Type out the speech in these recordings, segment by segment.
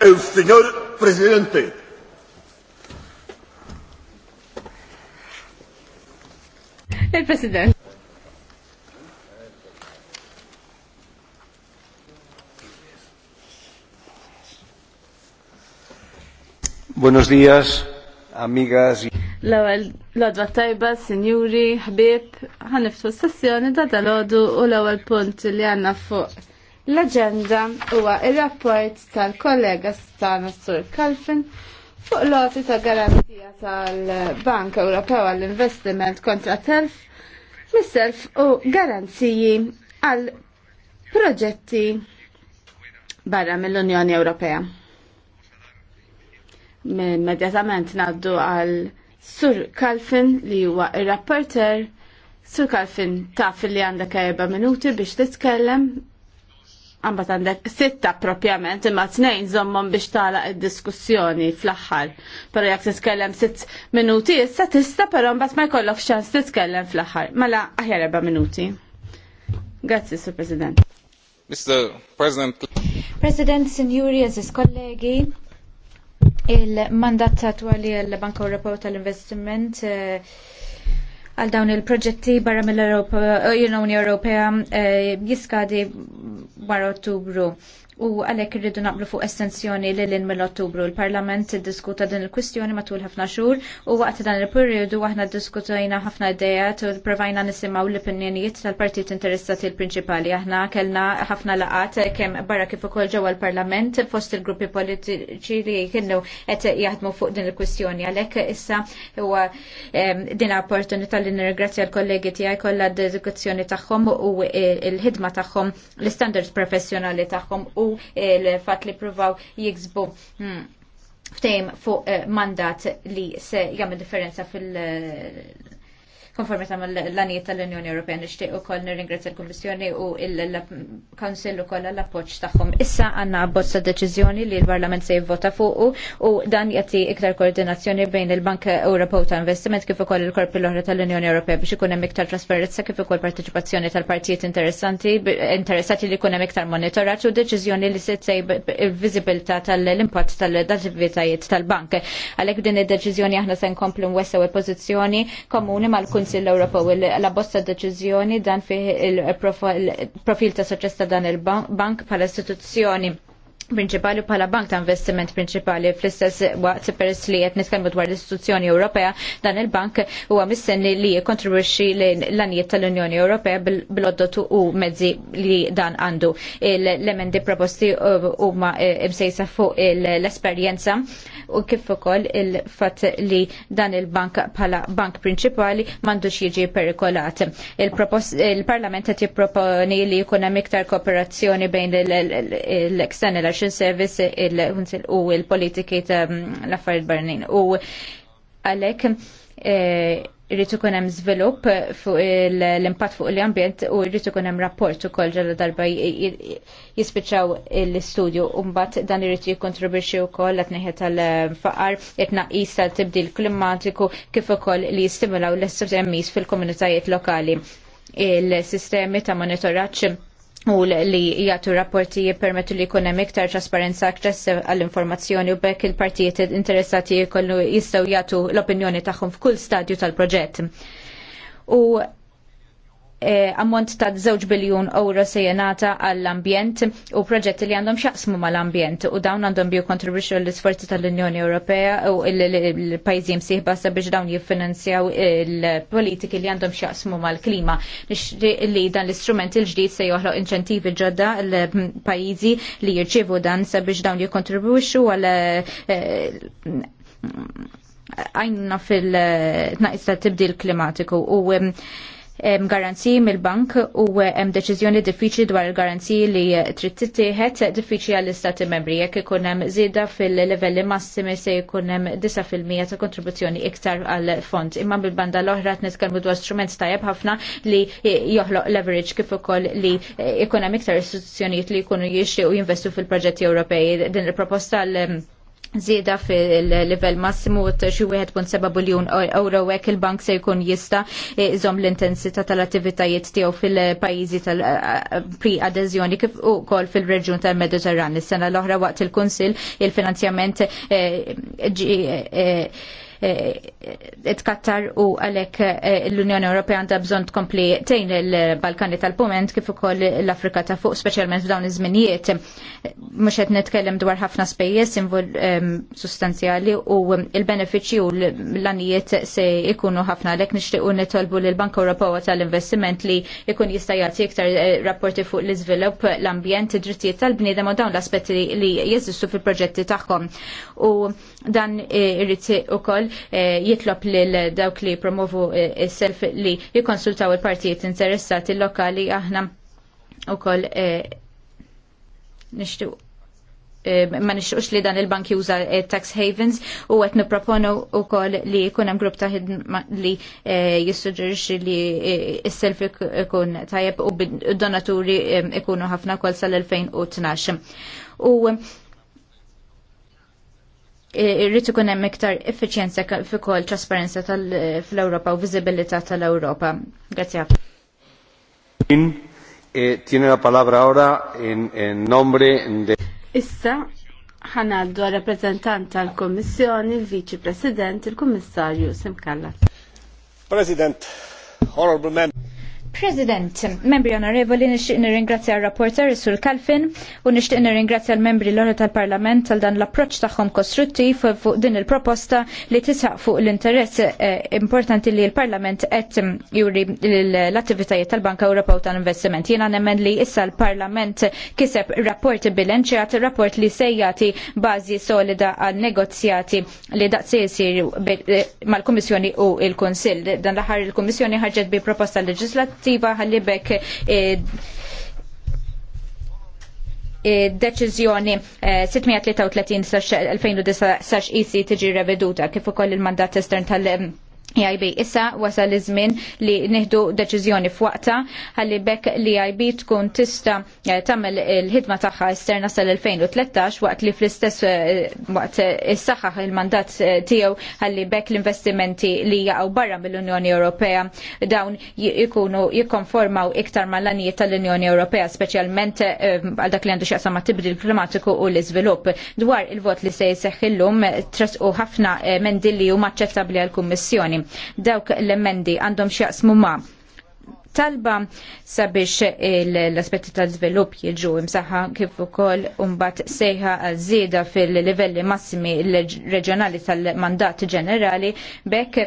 El señor presidente. El presidente. Buenos días, amigas. L-ewwel l-odwa tajba, sinjuri, ħbib, ħaniftu s-sessjoni ta' dal-għodu u l-ewwel punt li għanna fuq L-agenda huwa ir-rapport tal-kollega Stana Sur Kalfin fuq loti ta' garanzija tal-Bank Ewropew għall-investiment kontra telf, mis-self u garanziji għal proġetti barra mill-Unjoni Ewropea. Immedjatament naddu għal Sur Kalfin li huwa ir-rapporter Sur Kalfin taf li għandek erba' minuti biex titkellem Għambat għandek sitta propjament imma t-nejn zommon biex tala id-diskussjoni fl-axħar. Pero jek t-tkellem sitt minuti, issa tista pero mbat ma jkollok xans t-tkellem fl-axħar. Mela aħjar eba minuti. Grazzi, Sir President. Mr. President. President, Signori, Aziz kollegi, il-mandat attuali għal-Banka Europea tal-Investiment uh, għal dawn il-proġetti barra mill-Europa, eh, Unjoni Ewropea eh, jiskadi barra Ottubru u għalhekk irridu naqblu fuq estensjoni li l mill-Ottubru. Il-Parlament diskuta din il-kwistjoni matul ħafna xhur u waqt dan il-perjodu aħna diskutajna ħafna idejat u provajna nisimgħu l-opinjonijiet tal-partit interessati l-prinċipali. Aħna kellna ħafna laqat kemm barra kif ukoll ġewwa l-Parlament fost il-gruppi politiċi li kienu qed jaħdmu fuq din il-kwistjoni. Għalhekk issa huwa din opportunità li nirgrazzja l-kollegi tiegħi kollha d-dedikazzjoni tagħhom u l-ħidma tagħhom l-standards professjonali tagħhom u il l-fat li provaw jiksbu hmm, ftejm fuq eh, mandat li se jagħmel differenza fil- konformi ta' l-għaniet tal-Unjoni Ewropea nixtieq ukoll nirringrazzja l-Kummissjoni u l u koll l appoġġ tagħhom. Issa għandna abbozza deċiżjoni li l-Parlament se jivvota fuqu u dan jagħti iktar koordinazzjoni bejn il-Bank Ewropew ta' Investiment kif ukoll il-Korpi l-oħra tal-Unjoni Ewropea biex ikun hemm iktar trasparenza kif ukoll partecipazzjoni tal-partijiet interessanti interessati li jkun hemm iktar monitoraġġ u deċiżjoni li se tsejb il-viżibilità tal-impatt tal-attivitajiet tal-bank. Għalhekk din id-deċiżjoni aħna se nkomplu nwessaw il-pożizzjoni komuni mal kunsil mill-Kunsill Ewropew la bosta deċiżjoni dan fih il-profil ta' soċesta dan il-bank bħala istituzzjoni prinċipali bħala bank ta' investiment prinċipali fl-istess waqt peress li qed nitkellmu dwar l-istituzzjoni Ewropea dan il-bank huwa mistenni li jikkontribwixxi l-anijiet tal-Unjoni Ewropea bil-oddot u mezzi li dan għandu. L-emendi proposti uh, huma uh, msejsa fuq l-esperjenza u kif ukoll il-fatt li dan il-bank bħala bank prinċipali m'għandux jiġi perikolat. Il-Parlament qed jipproponi li jkun hemm iktar kooperazzjoni bejn l-external l Service il-Kunsil u il-politiki ta' l affarid barnin. U għalhekk eh, rritu ikun hemm żvilupp fuq l-impatt fuq l-ambjent u rritu ikun hemm rapport ukoll ġalla darba jispiċċaw l-istudju u mbagħad dan irid jikkontribwixxi wkoll qed neħet tal-faqar qed jista tal-tibdil klimatiku kif ukoll li jistimulaw l-SMEs fil-komunitajiet lokali il-sistemi ta' monitoraġġ u li jgħatu rapporti jippermettu li jkun hemm iktar trasparenza akċess għall-informazzjoni u bekk il-partijiet interessati jkollu jistgħu jagħtu l-opinjoni tagħhom f'kull stadju tal-proġett. U eh, ammont ta' 2 biljun euro se jenata għall-ambjent u proġetti li għandhom xaqsmu mal-ambjent u dawn għandhom biju kontribuċu l-sforzi tal-Unjoni Ewropea u l-pajzi msiħba sabiex dawn jiffinanzjaw il-politiki li għandhom xaqsmu mal-klima. li dan l-istrument il-ġdid se joħloq inċentivi ġodda l-pajzi li jirċivu dan sabiex dawn jikontribuċu għal e, għajna fil-naqis ta' tibdil klimatiku u garanziji mill-bank u hemm deċiżjoni diffiċli dwar il-garanziji li eh, trid tittieħed eh, diffiċli għall-istati membri jekk ikun hemm żieda fil-livelli massimi se jkun hemm 9% ta' kontribuzzjoni iktar għall-fond. Imma bil-banda l-oħra qed nitkellmu dwar strument tajjeb ħafna li eh, joħloq leverage kif ukoll li ikun hemm iktar istituzzjonijiet li jkunu jixtiequ jinvestu fil-proġetti Ewropej. Din il-proposta l- Zieda fil-level massimu ta' xi 1.7 biljun euro hekk il-bank se jkun jista' iżom l-intensità tal-attivitajiet tiegħu fil-pajjiżi tal-pre-adeżjoni eh, kif ukoll fil-reġjun tal-Mediterran. Is-sena l-oħra waqt il-Kunsill il-finanzjament eh, eh, itkattar eh, u għalhekk eh, l-Unjoni Ewropea għandha bżonn tkompli tejn il-Balkani tal-Pument kif ukoll l-Afrika ta' fuq speċjalment f'dawn iż-żminijiet mhux qed nitkellem dwar ħafna spejjeż ehm, sustanzjali u l-benefiċċji u l-għanijiet se jkunu ħafna għalhekk nixtiequ nitolbu lill bank Ewropewa tal-Investiment li jkun jista' jagħti iktar eh, rapporti fuq l-iżvilupp, l-ambjent, id-drittijiet tal-bniedem u dawn l-aspetti li jeżistu fil-proġetti tagħhom. U dan irrid ukoll ukoll eh, jitlob lil dawk li promovu eh, il self li jikkonsultaw il-partijiet interessati lokali aħna ukoll eh, nishtu ma nixtuqx li dan il-bank juża tax havens u qed nipproponu wkoll li jkun hemm grupp ta' ħidma li jissuġġerixxi li s-self ikun tajjeb u donaturi ikunu ħafna kol sal-2012. U irrid ikun hemm iktar effiċjenza fi kol trasparenza tal ewropa u viżibilità tal-Ewropa. Grazie. Eh, tiene la palabra ora in nombre de Issa ħanaddu rappresentant tal-Kommissjoni, il-Viċi President, il kommissarju Semkalla. President, Honorable Member. President, membri onorevoli, nixtieq nirringrazzja r-rapporter Sul Kalfin u nixtieq nirringrazzja l-membri l-oħra tal-Parlament tal dan l-approċċ tagħhom kostruttiv fuq din il-proposta li tisaq fuq l-interess eh, importanti li l-Parlament qed mm, juri l-attivitajiet tal-Banka Ewropew tal-Investiment. Jiena nemmen li issa l-Parlament kiseb rapport bilanċjat, rapport li se jagħti bażi solida għal negozjati li daqsi jsir eh, mal-Kummissjoni u l-Kunsill. Dan l-aħħar il komissjoni ħarġet bi proposta leġislat attiva ħallibek e, e, deċiżjoni 633 e, 2009 sax isi tiġi reveduta kif ukoll il-mandat estern tal- EIB. Issa wasal li żmien li nieħdu deċiżjoni f'waqta ħalli bekk li EIB tkun tista eh, tagħmel il-ħidma tagħha esterna sal-2013 waqt li fl-istess eh, waqt issaħħaħ il-mandat eh, tiegħu għalli bekk l-investimenti li jaqgħu barra mill-Unjoni Ewropea dawn jkunu jikkonformaw iktar mal anijiet tal-Unjoni Ewropea speċjalment għal dak li għandu x'jaqsam ma' tibdil klimatiku u l-iżvilupp. Dwar il-vot li se jseħħ illum tresqu ħafna mendilli huma aċċettabbli għall-Kummissjoni Dawk l-emendi għandhom xjaqsmu ma' talba sabiex l-aspetti ta' żvilupp jiġu imsaħħa kif ukoll mbagħad sejħa żieda fil-livelli massimi reġjonali tal-mandat ġenerali bekk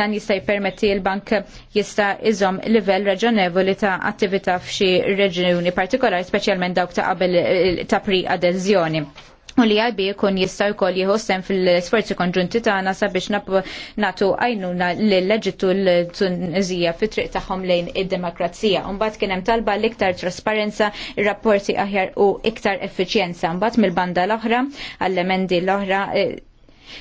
dan jista' jippermetti l-bank jista' iżom livell raġonevoli ta' attività f'xi reġjuni partikolari speċjalment dawk ta' qabel ta' pri adeżjoni u li għalbi jkun jistaw kol jħossem fil-sforzi konġunti tagħna sabiex natu għajnuna l-leġitu l-Tunizija fit triq tagħhom lejn id-demokrazija. Mbagħad kien hemm talba l-iktar trasparenza, rapporti aħjar u iktar effiċjenza. Mbagħad mill-banda l-oħra għall-emendi l-oħra eh,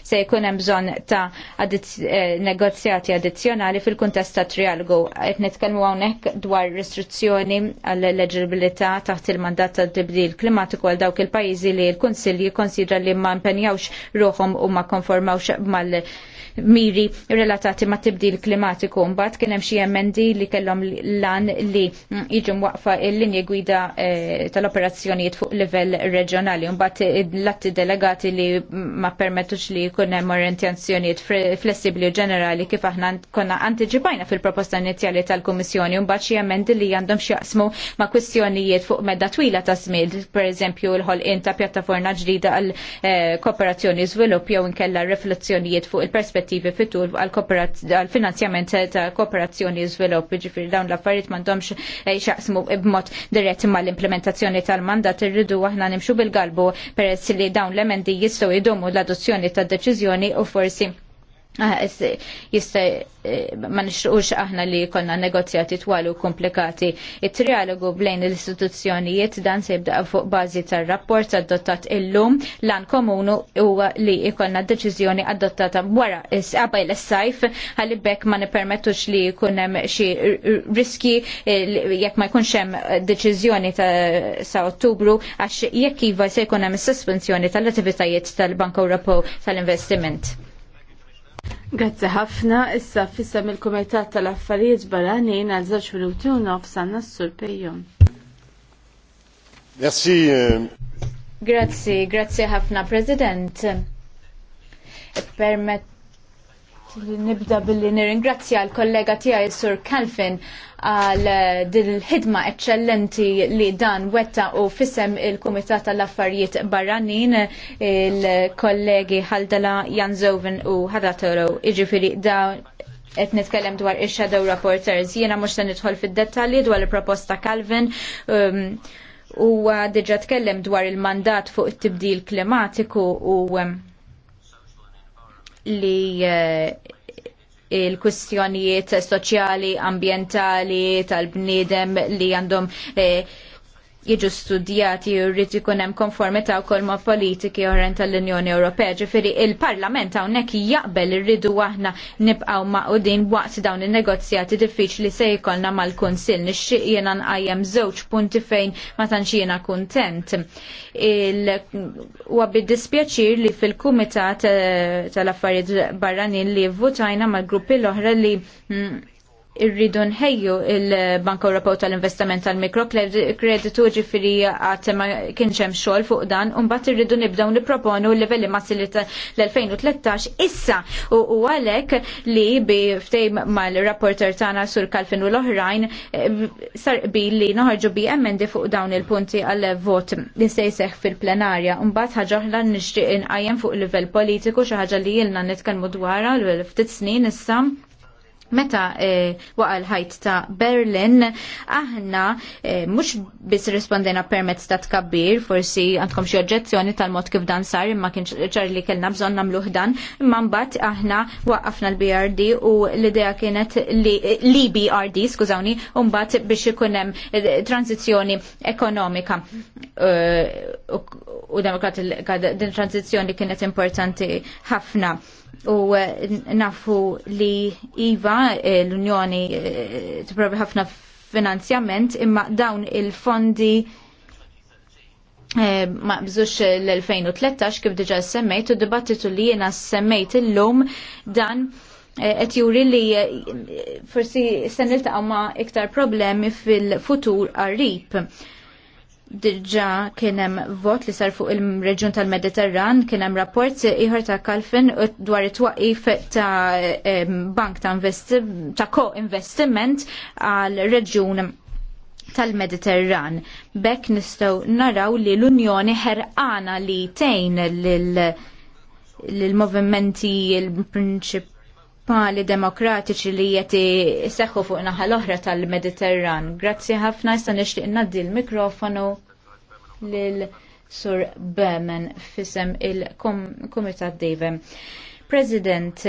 Se jkun hemm bżonn ta' eh, negozjati addizzjonali fil-kuntest ta' trialgu. Qed nitkellmu hawnhekk dwar restrizzjoni għall eleġibilità taħt il-mandat ta' tibdil klimatiku għal dawk il-pajjiżi li l-Kunsill jikkonsidra li ma mpenjawx ruhom u ma konformawx mal miri relatati ma' tibdil klimatiku. Mbagħad kien hemm xi emendi li kellhom lan li jiġu waqfa il linji gwida eh, tal-operazzjonijiet fuq livell reġjonali. Mbagħad l-atti delegati li ma permettux li jkun hemm orientazzjonijiet flessibbli u ġenerali kif aħna konna antiġibajna fil-proposta inizjali tal-Kummissjoni u mbagħad xi emendi li għandhom x'jaqsmu ma' kwistjonijiet fuq medda twila ta' żmien, pereżempju l-ħolqien ta' pjattaforma ġdida għal eh, kooperazzjoni żvilupp jew inkella riflessjonijiet fuq il-perspettivi fitur għal finanzjament ta' kooperazzjoni żvilupp, ġifieri dawn l-affarijiet m'għandhomx eh, xjaqsmu b'mod dirett mal l-implementazzjoni tal-mandat irridu aħna nimxu bil-galbu peress li dawn l-emendi jistgħu jdumu l-adozzjoni ta' tad-deċiżjoni u forsi Ah, jista eh, ma nixruqux aħna li konna negozjati twalu komplikati. Il-trialogu bejn l-istituzzjonijiet dan se jibda fuq bażi tar-rapport adottat illum lan komunu huwa li ikonna deċiżjoni adottata wara s-għabaj is-sajf ħalli bekk ma nippermettux li jkun hemm xi riski eh, jekk ma jkunx hemm deċiżjoni ta' sa' Ottubru għax jekk iva se jkun hemm is-sospensjoni tal-attivitajiet tal-Bank Ewropew tal-Investiment. Grazzi ħafna, issa fissa il-Kumitat tal-Affarijiet Barranin għal żewġ minuti u nofs għandna s-Sur Pejjon. Merci. Eh. Grazzi, grazie ħafna, President. Permet nibda billi nirringrazzja l-kollega tiegħi Sur Kalfin għal eh, din il-ħidma eċċellenti li dan wetta u fisem il-Kumitat tal-Affarijiet Barranin il-kollegi Haldala Janzoven u Hadatoro. Iġifiri da qed nitkellem dwar ix-shadow reporters. Jiena mhux se nidħol fid-dettalji dwar il-proposta Calvin. Um, u diġa tkellem dwar il-mandat fuq it-tibdil klimatiku u um, li eh, il-kwistjonijiet soċjali, ambientali, tal-bniedem li għandhom eh, jiġu studjati u rrid ikun hemm konformità wkoll ma' politiki oħrajn tal-Unjoni Ewropea. Ġifieri il-Parlament hawnhekk jaqbel irridu aħna nibqgħu maqudin waqt dawn in-negozjati diffiċli se jkollna mal-Kunsill. Nixtieq jiena nqajjem żewġ punti fejn ma tantx jiena kuntent. Huwa bid-dispjaċir li fil-Kumitat eh, tal-Affarijiet Barranin li votajna mal-gruppi l-oħra li mm, irridu nħejju il-Bank Ewropew tal investiment tal-Mikrokreditu ġifiri għat ma kienx hemm xogħol fuq dan un mbagħad irridu nibdew nipproponu l-livelli massili l-2013 issa u għalek li bi ftejm mal-rapporter tagħna sur Kalfin u l-oħrajn eh, sar li noħarġu bi emendi fuq dawn il-punti għal vot li sejseħ fil-plenarja un mbagħad ħaġa oħra nixtieq inqajjem fuq livell politiku xi ħaġa li jilna nitkellmu l ftit snin issa meta eh, waqal ħajt ta' Berlin, aħna e, eh, mux bis rispondena permezz ta' tkabbir, forsi għandkom xie oġġezzjoni tal-mod kif dan sar, imma kien ċar li kellna bżon namluħ dan, imma mbagħad aħna waqafna l-BRD u l-idea kienet li, li BRD, skużawni, u mbagħad biex ikun hemm eh, tranzizzjoni ekonomika u demokratika din tranzizzjoni kienet importanti ħafna u eh, nafu li IVA eh, l-Unjoni eh, tipprovi ħafna finanzjament imma dawn il-fondi ma bżux l-2013 kif diġa semmejt u dibattitu li jena semmejt l lum dan qed juri li forsi se niltaqgħu ma' iktar problemi fil-futur qarib Dġa kienem vot li sar fuq il-reġjun tal-Mediterran, kienem rapport iħor ta' Kalfin dwar it-twaqif ta' bank ta' ta' co-investiment għal reġjun tal-Mediterran. Bek nistaw naraw li l-Unjoni ħerqana li tejn l-movimenti, l-prinċip pali demokratiċi li jeti seħu fuq naħa l-oħra tal-Mediterran. Grazzi ħafna jista nixtieq naddi l-mikrofonu lil Sur Bemen fisem il-Kumitat Devem. President,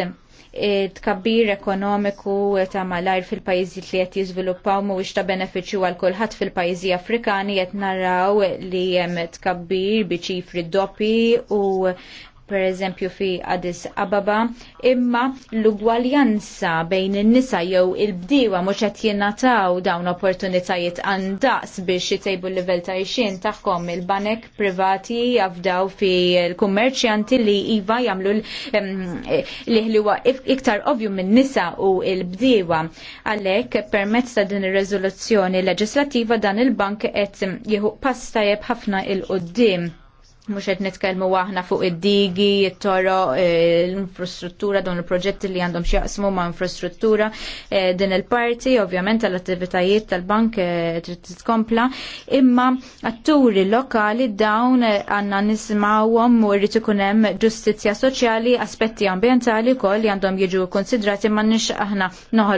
tkabbir ekonomiku ta' malajr fil-pajizi li qed jiżviluppaw mhuwiex ta' benefiċċju għal kulħadd fil-pajjiżi Afrikani qed naraw li hemm tkabbir bi ċifri doppi u per eżempju fi Addis Ababa, imma l-ugwaljanza bejn in-nisa jew il bdiwa mhux qed jingħataw dawn opportunitajiet għandaqs biex jitejbu l-livell ta' ixin tagħhom il-banek privati jafdaw fi l-kummerċjanti li iva jagħmlu li ħliwa iktar ovju minn nisa u l-bdiewa. Għalhekk permezz ta' din ir-reżoluzzjoni leġislattiva dan il-bank qed jieħu pass tajjeb ħafna il-qudiem mux għed netkelmu għahna fuq id-digi, il toro l-infrastruttura, dawn il-proġetti li għandhom xieqsmu ma' infrastruttura eh, din il-parti, ovvjament tal-attivitajiet tal-bank eh, trid titkompla, imma atturi lokali dawn eh, għanna nismawhom u rrid ikun hemm ġustizzja soċjali, aspetti ambientali wkoll li għandhom jiġu konsidrati ma' nix aħna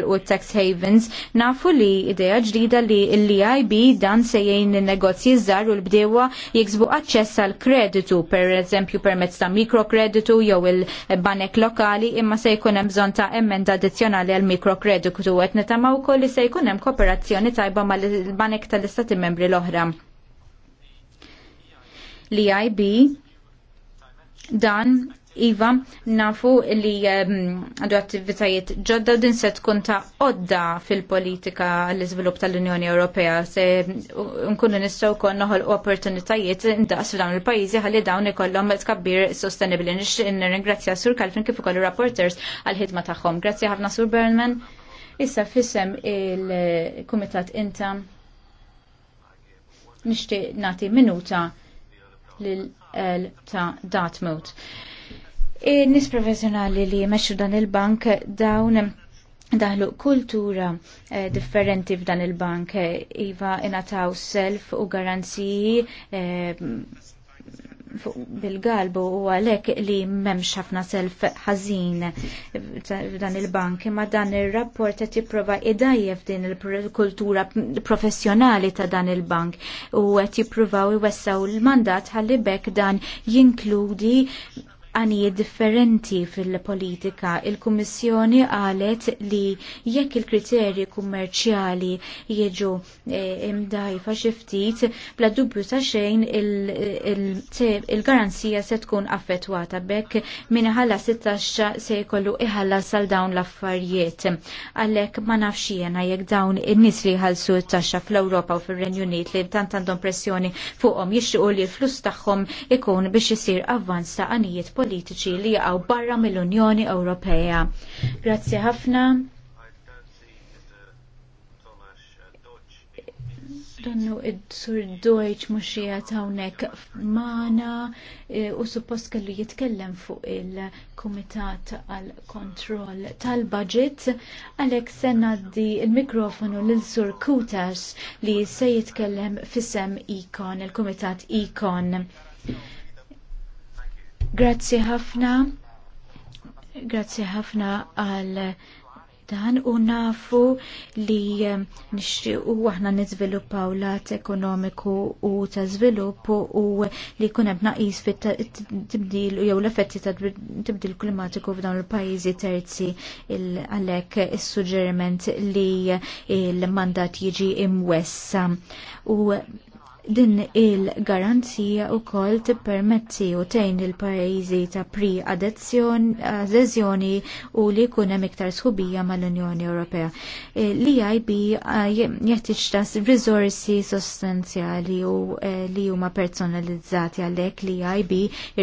u tax havens. Nafu li idea ġdida li l iib dan sejjejn il negozji żgħar u l-bdewa jiksbu aċċess għal kredit kreditu, per eżempju permezz ta' mikrokreditu jew il-banek lokali imma se jkun hemm bżonn ta' emenda addizzjonali għal mikrokreditu qed nitama wkoll li se jkun hemm kooperazzjoni tajba mal-banek tal-istati membri l-oħra. L-IB dan Iva, nafu li ehm, għadu attivitajiet ġodda din se tkun ta' odda fil-politika l-izvilup tal-Unjoni Ewropea se nkunu nistgħu kon noħol opportunitajiet indaqs f'dawn il pajizi ħalli dawn ikollhom tkabbir sostenibbli. Nixtieq nirringrazzja Sur Kalfin kif ukoll rapporters għall-ħidma tagħhom. Grazzi ħafna Sur Berman. Issa fissem il-Kumitat Inta nixtieq nagħti minuta lil ta' Dartmouth. Nis professjonali li jmexxu dan il-bank dawn daħlu kultura eh, differenti f'dan il-bank. Iva inataw self u garanziji eh, bil-galbu u għalek li memx ħafna self ħażin f'dan il-bank, imma dan ir-rapport qed jipprova idajje f'din il-kultura professjonali ta' dan il-bank u qed jippruvaw iwessaw il-mandat ħalli bekk dan jinkludi għanijiet differenti fil-politika. Il-Kummissjoni għalet li jekk il-kriterji kummerċjali jieġu eh, imdajfa xiftit, bla dubju ta' xejn il-garanzija se tkun affettwata bekk minn ħalla 16 se jkollu iħalla sal dawn l-affarijiet. Għalek ma nafx jiena jekk dawn in-nis li jħallsu t-taxxa fl-Ewropa u fil-Renju Unit li tant għandhom pressjoni fuqhom jixtiequ li l-flus tagħhom ikun biex isir avvanz ta' għanijiet politiċi politiċi li jaqgħu barra mill-Unjoni Ewropea. Grazzi ħafna. Dannu id-sur Deutsch ta' hawnhekk f'mana e, u suppost kellu jitkellem fuq il-Kumitat għal kontroll tal-Budget għalhekk se ngħaddi il-mikrofonu lil sur Kutas li se jitkellem fisem Ikon, il-Kumitat Ikon. Grazzi ħafna. Grazzi ħafna għal dan u nafu li ehm, nixtiequ aħna niżviluppaw lat ekonomiku u ta' żvilupp u li jkun hemm naqis fit-tibdil jew l-effetti ta' tibdil klimatiku f'dawn il-pajjiżi terzi għalhekk is-suġġeriment li l-mandat jiġi imwessa. U din il-garanzija wkoll tippermetti u tejn il pajjiżi ta' pre-adezzjoni u li jkun hemm iktar sħubija mal-Unjoni Ewropea. Eh, L-EIB eh, jeħtieġ ta' riżorsi sostanzjali u eh, li huma personalizzati għalhekk li e EIB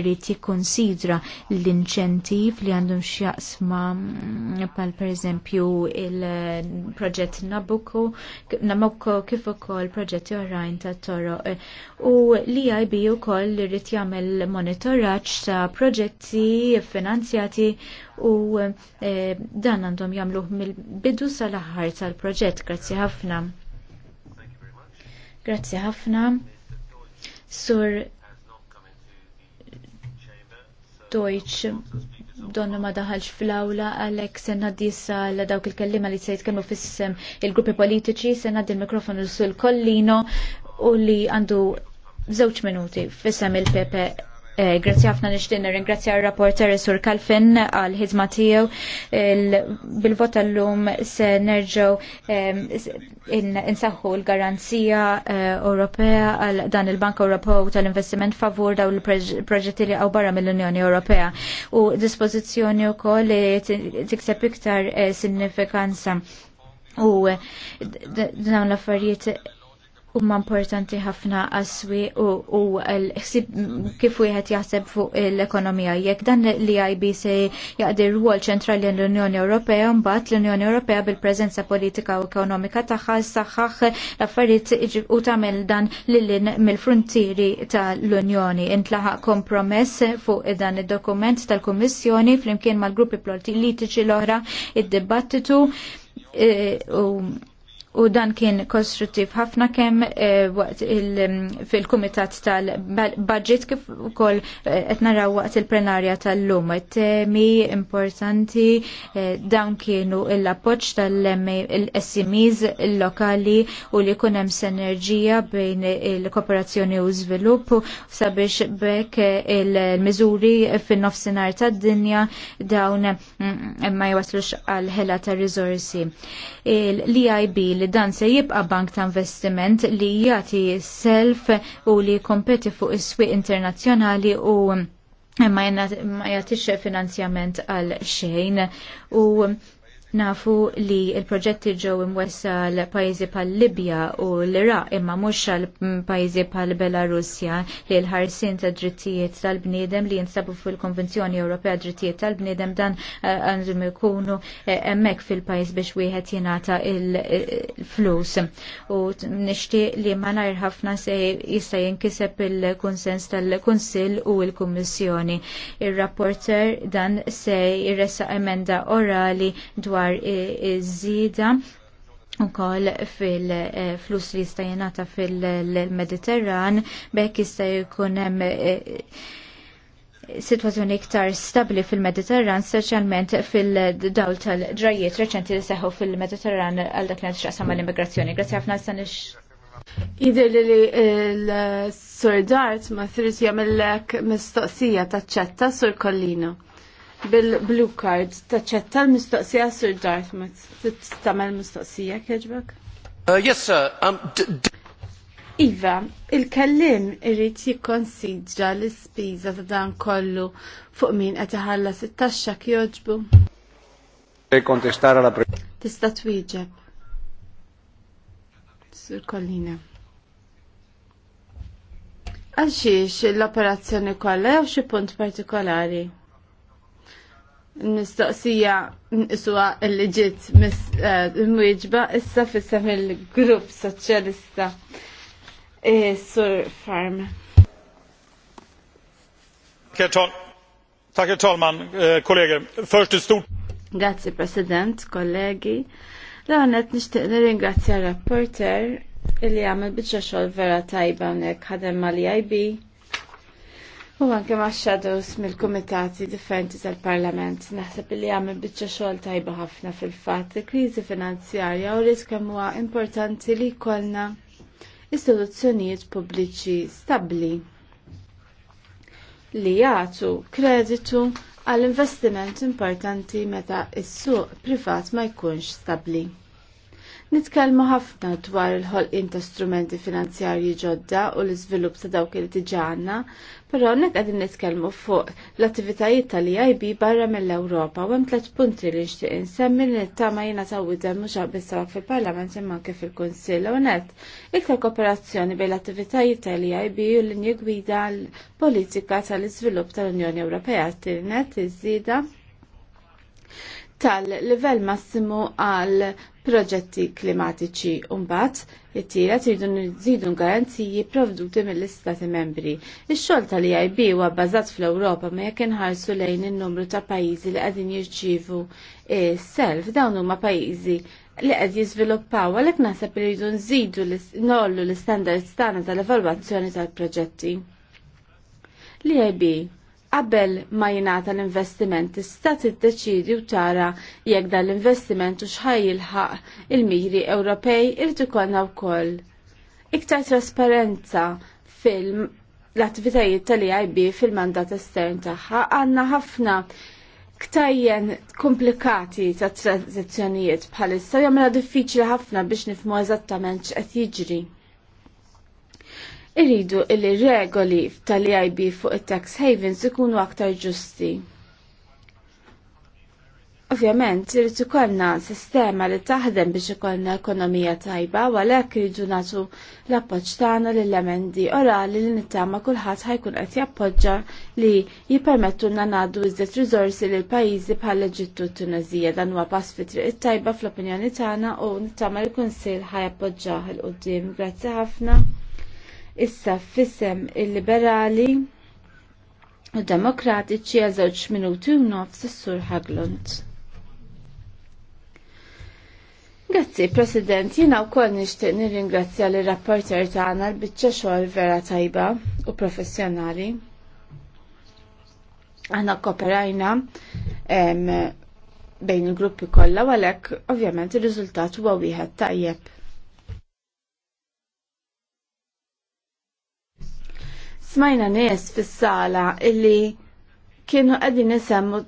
irid jikkonsidra l-inċentiv li għandhom x'jaqsma mm, pal pereżempju il-proġett Nabucco, Nabucco kif ukoll proġetti oħrajn ta' Toro joħloq u u koll ukoll rrit jagħmel monitoraġġ ta' proġetti finanzjati u e, dan għandhom jagħmluh mill-bidu sal-aħħar tal-proġett. Grazzi ħafna. Grazzi ħafna. Sur Deutsch donna ma daħalx fl-awla għalek senna disa la dawk il-kellima li sejt kemmu fissem il-gruppi politiċi senna il mikrofonu sul kollino u li għandu żewġ minuti fissem il-Pepe Eh, Grazzi ħafna nixtinna ringrazzja il rapporter Sur Kalfin għal ħidma tiegħu bil-vot lum se nerġgħu insaħħu in l-garanzija eh, Ewropea eh, għal dan il-Bank Ewropew tal-investiment favur daw il-proġetti li għaw barra mill-Unjoni Ewropea u dispożizzjoni wkoll li tikseb iktar eh, sinifikanza u dawn l-affarijiet huma importanti ħafna għaswi u l-ħsib kif wieħed jaħseb fuq l-ekonomija. Jekk dan li IB se jaqdi rwol ċentrali l-Unjoni Ewropea, mbagħad l-Unjoni Ewropea bil-preżenza politika u ekonomika tagħha saħħaħ l-affarijiet u tagħmel dan lilin mill-frontieri tal-Unjoni. Intlaħaq kompromess fuq dan id-dokument tal-Kummissjoni flimkien mal-gruppi politiċi l-oħra id-dibattitu e, u dan kien konstruttiv ħafna kemm eh, fil-kumitat tal-budget kif ukoll eh, qed naraw waqt il-plenarja tal-lum. Temi importanti eh, dawn kienu l-appoġġ tal-SMEs lokali u li jkun hemm sinerġija bejn il-kooperazzjoni u żvilupp sabiex bekk il-miżuri fin-nofsinhar tad-dinja dawn mm, mm, ma jwaslux għal ħela ta' riżorsi. L-EIB li dan se jibqa bank ta' investiment li jagħti self u li kompeti fuq is-swieq internazzjonali u ma jagħtix finanzjament għal xejn u Nafu li il-proġetti ġew imwessa l-pajjiżi bħal-Libja u l-Iraq imma mhux għall-pajjiżi bħal-Belarusja li l-ħarsin ta' drittijiet tal-bniedem li jinsabu fil-Konvenzjoni Ewropea drittijiet tal-bniedem dan eh, għandhom ikunu eh, hemmhekk fil-pajjiż biex wieħed jingħata il-flus. Eh, u nixtieq li ma nhar ħafna se jista' jinkiseb il kunsens tal-Kunsill u l-Kummissjoni. Ir-rapporter dan se jressaq emenda orali dwar dwar iż-żieda u koll fil-flus li jista' fil-Mediterran bekk jista' jkun hemm e, e, situazzjoni iktar stabli fil-Mediterran, speċjalment fil-dawl tal drajiet reċenti li seħu fil-Mediterran għal dak li xaqsam l-immigrazzjoni. Grazzi ħafna sa Idir li l sordart ma trid jagħmellek mistoqsija taċċetta Sur Kollina bil-blue card taċċetta l-mistoqsija Sir Dartmouth. Tistamel mistoqsija kieġbek? Uh, yes, sir. Um, iva, il-kellim irrit jikkonsidra l-ispiża ta' dan kollu fuq min qed iħallas it-taxxa kjoġbu. E Kontestara la Tista' twieġeb. Sur Kollina. Għalxiex l-operazzjoni kollha jew xi punt partikolari? mistoqsija nqisuha illi ġiet eh, mwieġba issa fissa mill-grupp soċjalista eh, Sur Farm. Tack talman, eh, kollegor. Först ett stort... Grazie president, kollegi. L-għanet nishtiq nirringrazzja rapporter illi għamil bieċa xol vera tajba unek ħadem mal-IB U anke ma' shadows mill-kumitati differenti tal-Parlament naħseb li għamil biċċa xogħol tajba ħafna fil-fatt il-kriżi finanzjarja u risk huwa importanti li jkollna istituzzjonijiet pubbliċi stabbli li jagħtu kreditu għall investiment importanti meta is-suq privat ma jkunx stabbli. Nitkellmu ħafna dwar il-ħolqien ta' strumenti finanzjarji ġodda u l-iżvilupp ta' dawk li diġanna, Però hawnhekk qegħdin nitkellmu fuq l-attivitajiet tal IB barra mill-Ewropa u hemm tliet punti li nixtieq insemmi li nittama jiena tawwidem mhux biss fil-Parlament imma anke fil-Kunsill u net iktar kooperazzjoni bejn l-attivitajiet tal ib u l injegwida l-politika tal-iżvilupp tal-Unjoni Ewropea t-tirnet iż-żieda tal-livell massimu għal proġetti klimatiċi umbat, it-tielet irridu nżidu garanziji provduti mill-Istati membri. Ix-xogħol tal-EIB huwa bbażat fl-Ewropa ma jekk inħarsu lejn in-numru ta' pajjiżi li qegħdin jirċievu self dawn huma pajjiżi li qed jiżviluppaw għalhekk naħseb li rridu nżidu nollu l-istandards tagħna tal-evalwazzjoni tal-proġetti. L-EIB qabel ma jingħata l-investiment tista' tiddeċidi u tara jekk dan l-investiment u x'ħaj jilħaq il-miri Ewropej irid ikollna wkoll. Iktar trasparenza fil l-attivitajiet tal-IB fil-mandat estern tagħha għandna ħafna ktajjen komplikati ta' tranzizzjonijiet bħalissa jagħmilha diffiċli ħafna biex nifhmu eżattament x'qed jiġri irridu illi regoli tal-EIB fuq it-tax havens ikunu aktar ġusti. Ovvjament, irrid ikollna sistema li taħdem biex ikollna ekonomija tajba u għalhekk irridu nagħtu l-appoġġ tagħna lill-emendi orali li nittama kulħadd ħajkun qed jappoġġa li jippermettulna ngħaddu iżdet riżorsi lil pajjiżi bħal Eġittu u Tunezija dan huwa pass fi triq it-tajba fl-opinjoni tagħna u nittama l-Kunsill ħajappoġġjah il qudiem Grazzi ħafna. Issa fissem il-liberali u demokratiċi għal żewġ minuti u nofs s sur Haglund. Grazzi, President, jina u koll nishtiq nirringrazzja li rapporter tagħna l bicċa xogħol vera tajba u professjonali. Aħna kooperajna bejn il-gruppi kollha għalhekk ovvjament ir-riżultat huwa wieħed tajjeb. smajna nies fis-sala illi kienu qegħdin isemmu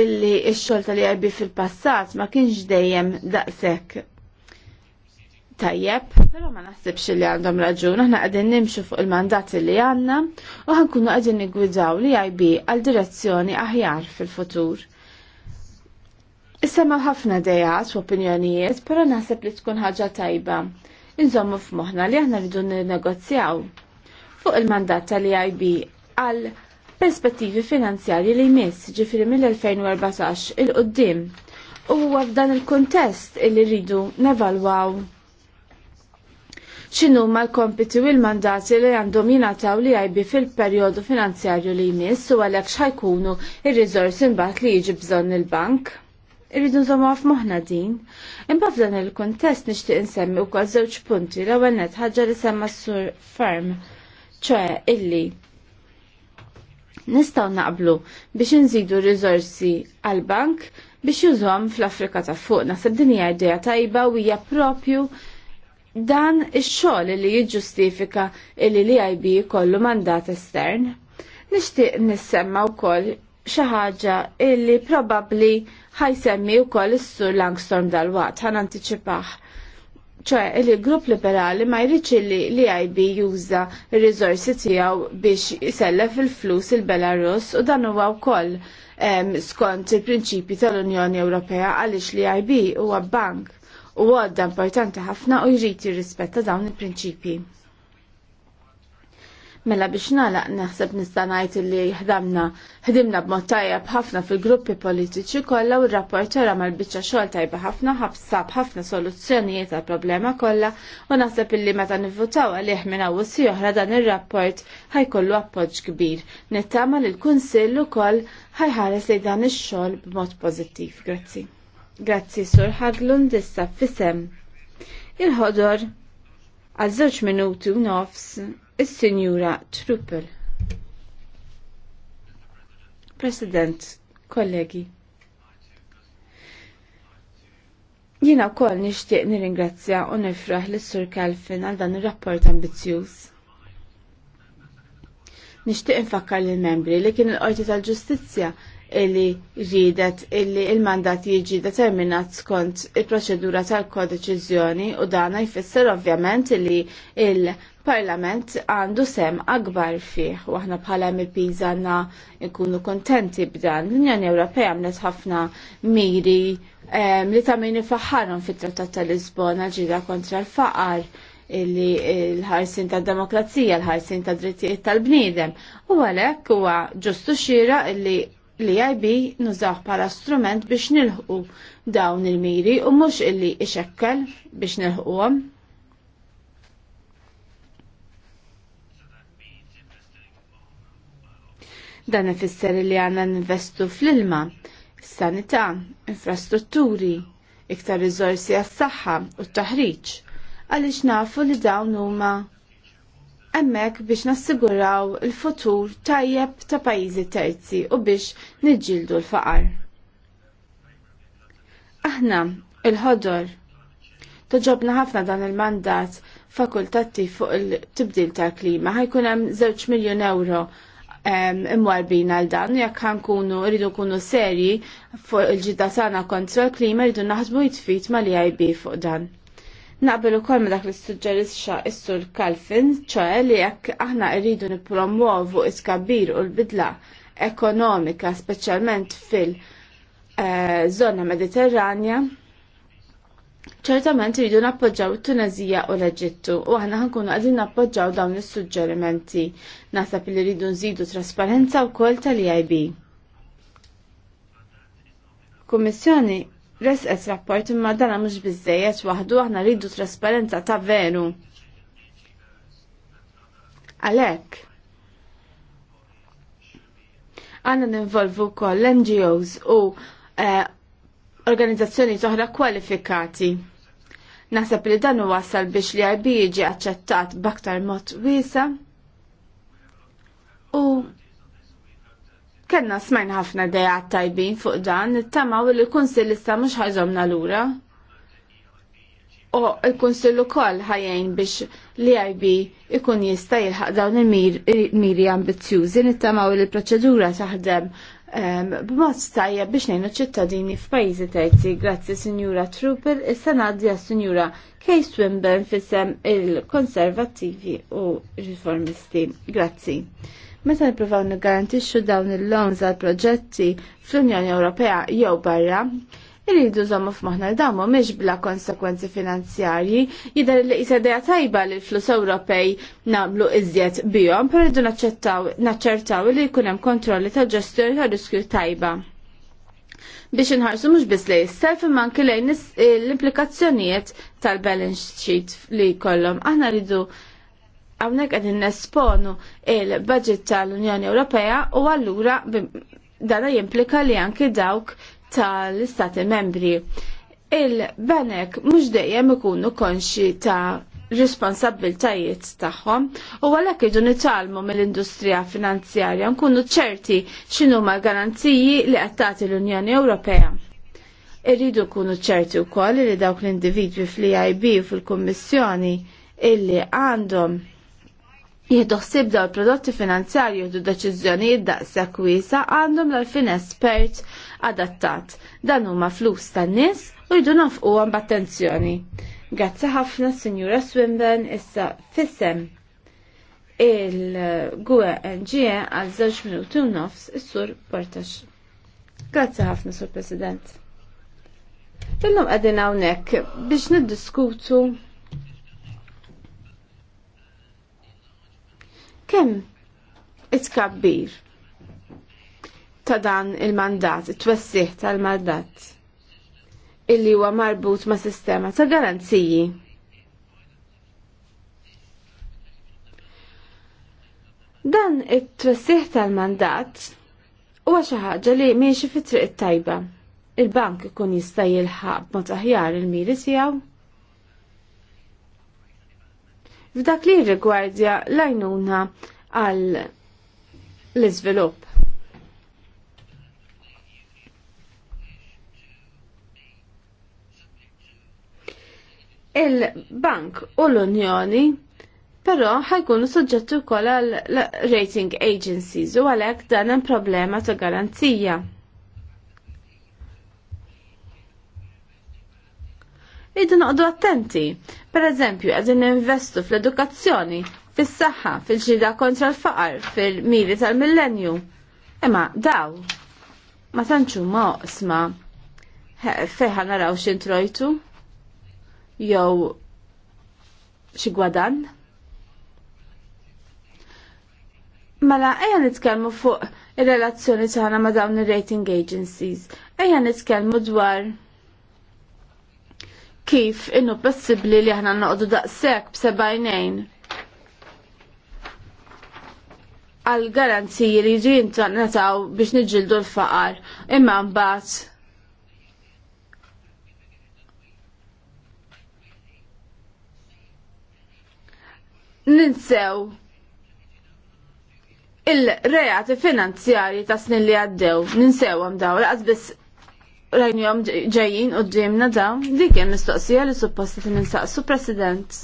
illi x-xogħol tal jarbi fil-passat ma kienx dejjem daqshekk tajjeb, però ma naħsibx li għandhom raġun, aħna qegħdin nimxu fuq il-mandat li għandna u ħankunu qegħdin niggwidaw li IB għal direzzjoni aħjar fil-futur. Issema ħafna dejat u opinjonijiet, però naħseb li tkun ħaġa tajba. Inżommu f'moħħna li aħna rridu nnegozjaw fuq il-mandat tal-EIB għal perspettivi finanzjarji li jmiss ġifiri mill-2014 il-qoddim. U f'dan il-kontest li rridu nevalwaw ċinu ma l-kompiti u l-mandati li għandhom jinataw li għajbi fil-periodu finanzjarju li jmiss u għalek xħajkunu il-rizors imbat li jġi bżon il-bank. Irridu nżomu għaf moħna din. Imba f'dan il-kontest nishtiq insemmi u kol zewċ punti l net ħagġa li semma s-sur Ferm ċe illi nistaw naqblu biex nżidu rizorsi għal-bank biex jużom fl-Afrika ta' fuq. Nasib din hija idea tajba u hija propju dan ix-xogħol li jiġġustifika illi li IB kollu mandat estern. Nixtieq nissemma wkoll xi ħaġa illi probabbli ħajsemmi wkoll is-sur Langstorm dal-waqt ħan antiċipah ċoħe il-grupp liberali ma jridx li l-IB juża il-rizorsi tijaw biex isellef il-flus il-Belarus u dan huwa wkoll skont il-prinċipi tal-Unjoni Ewropea għaliex li ib huwa bank u għodda importanti ħafna u jrid jirrispetta dawn il-prinċipi. Mela biex nalaq naħseb nista' ngħid li ħdamna ħdimna b'mod tajjeb ħafna fil-gruppi politiċi kollha u r-rapportera mal-biċċa xogħol tajba ħafna ħabsab ħafna soluzzjonijiet għall problema kollha u naħseb illi meta nivvutaw għalih minn awwissi oħra dan ir-rapport ħajkollu appoġġ kbir. Nittama li l-Kunsill ukoll ħajħares li dan ix-xogħol b'mod pożittiv. Grazzi. Grazzi Sur Ħadlund issa fisem. Il-ħodor għal żewġ minuti u nofs Is-Sinjura Truppel. President, kollegi. Jina nishtiq nixtieq nirringrazzja u nifraħ lis sur Kalfin għal dan ir-rapport ambizjuż. Nixtieq nfakkar lill membri li kien il-Qorti tal-Ġustizzja illi ridet illi il-mandat jiġi determinat skont il-proċedura tal-kodeċizjoni u dana jfisser ovvjament illi il- parlament għandu sem akbar fih u aħna bħala MPs għanna nkunu kontenti b'dan. L-Unjoni Ewropea għamlet ħafna miri li li tamini faħħarhom fit-Trattat ta' Lisbona ġira kontra l-faqar illi l-ħarsin ta' demokrazija, l-ħarsin ta' drittijiet tal-bniedem. U għalhekk huwa ġustu xira illi li IB nużaw bħala strument biex nilħu dawn il-miri u mhux illi ixekkel biex nilħuhom. Dan ifisser li għandna ninvestu fl-ilma, s sanità, infrastrutturi, iktar rizorsi għas-saħħa u t-taħriġ għaliex nafu li dawn huma emmek biex nassiguraw il-futur tajjeb ta' pajizi terzi u biex nġildu l-faqar. Aħna, il-ħodor, toġobna ħafna dan il-mandat fakultattiv fuq il-tibdil tal klima ħajkun hemm 2 miljon euro imwarbina għal dan, jekk kunu, rridu kunu serji fuq il-ġidda sana kontra l-klima rridu naħdmu jitfit ma li għajbi fuq dan. Naqbel ukoll ma dak li suġġerixxa is-sur Kalfin, ċoħe li jekk aħna rridu nipromuovu iskabir u l-bidla ekonomika speċjalment fil- eh, zona mediterranja ċertament rridu nappoġġaw it-Tunezija u l-Eġittu u aħna ħankunu qegħdin nappoġġaw dawn is-suġġerimenti. Naħseb li rridu nżidu trasparenza wkoll tal-EIB. Kummissjoni resqet rapport imma dana mhux biżejjed waħdu aħna rridu trasparenza ta' veru. Għalhekk għandna ninvolvu wkoll l-NGOs u eh, organizzazzjoni oħra kwalifikati. Naħseb li dan wasal biex li IB jiġi aċċettat b'aktar mod wiesa u kena smajn ħafna dejat tajbin fuq dan, nittamaw li l-kunsil issa mhux ħajżomna lura. U l-kunsil ukoll ħajjin biex l-IB ikun jista' jilħaq dawn il-miri ambizjużi, nittamaw li l-proċedura taħdem b'mod tajjeb biex ngħinu ċittadini f'pajjiżi terzi. Grazzi Sinjura Trooper, is ngħaddi għas-Sinjura Kay Swinburne fisem il-Konservattivi u Riformisti. Grazzi. Meta nippruvaw niggarantixxu dawn il-loans għal proġetti fl-Unjoni Ewropea jew barra, Irridu zommu f'maħna l-damu miex bla konsekwenzi finanzjarji, jidher li jisadija tajba li l-flus Ewropej nablu iżjed bihom, per irridu naċċertaw li jkun hemm kontrolli ta' ġestjoni ta' riskju tajba biex inħarsu mhux biss li jissef imma anke lejn l-implikazzjonijiet tal-balance sheet li jkollhom. Aħna rridu hawnhekk qed nesponu il-budget tal-Unjoni Ewropea u allura dana jimplika li anke dawk tal-istati membri. Il-banek mhux dejjem ikunu konxi ta' responsabiltajiet tagħhom u għalhekk idu nitalmu mill-industrija finanzjarja nkunu ċerti x'inhu ma garanziji li qed tagħti l-Unjoni Ewropea. Irridu kunu ċerti wkoll li dawk l-individwi fl-IB u fil-Kummissjoni illi għandhom jihdoħsib daw prodotti finanzjarji u deċiżjonijiet daqshekk wiesa għandhom l-alfin espert adattat. Dan huma flus tan-nies u jdu nafqu b'attenzjoni. Grazzi ħafna Sinjura Swinburn issa fissem il-gwe NGE għal żewġ minuti u nofs is-sur Portax. Grazzi ħafna Sur President. Illum qegħdin hawnhekk biex niddiskutu kemm it-kabbir ta' dan il-mandat, it-twessiħ tal-mandat illi huwa marbut ma' sistema ta' garanziji. Dan it-twessiħ tal-mandat huwa xi ħaġa li miexi fit-triq it-tajba. Il-bank ikun jista' jilħaq b'mod aħjar il-miri tiegħu. F'dak li rigwardja l-għajnuna għal l-iżvilupp. il-bank u l-Unjoni però ħajkunu soġġettu wkoll għal rating agencies u għalhekk dan hemm problema ta' garanzija. Idu noqdu attenti. Per eżempju, għadin investu fl-edukazzjoni, fis-saħħa, fil-ġida kontra l-faqar, fil-miri tal-millenju. Imma daw, ma tantxu ma osma, feħan naraw xintrojtu jew xi gwadan. Mela, ejja nitkellmu fuq ir-relazzjoni tagħna ma' dawn ir-rating agencies. Ejja nitkellmu dwar kif innu possibbli li aħna noqdu daqshekk b'sebajnejn għal garanziji li jiġu jintnataw biex niġġildu l-faqar imma mbagħad ninsew il-reati finanzjari ta' snin li għaddew, ninsew għam daw, laqas biss rajnu ġejjin u d daw, dik hemm mistoqsija li supposta t-ninsaqsu president.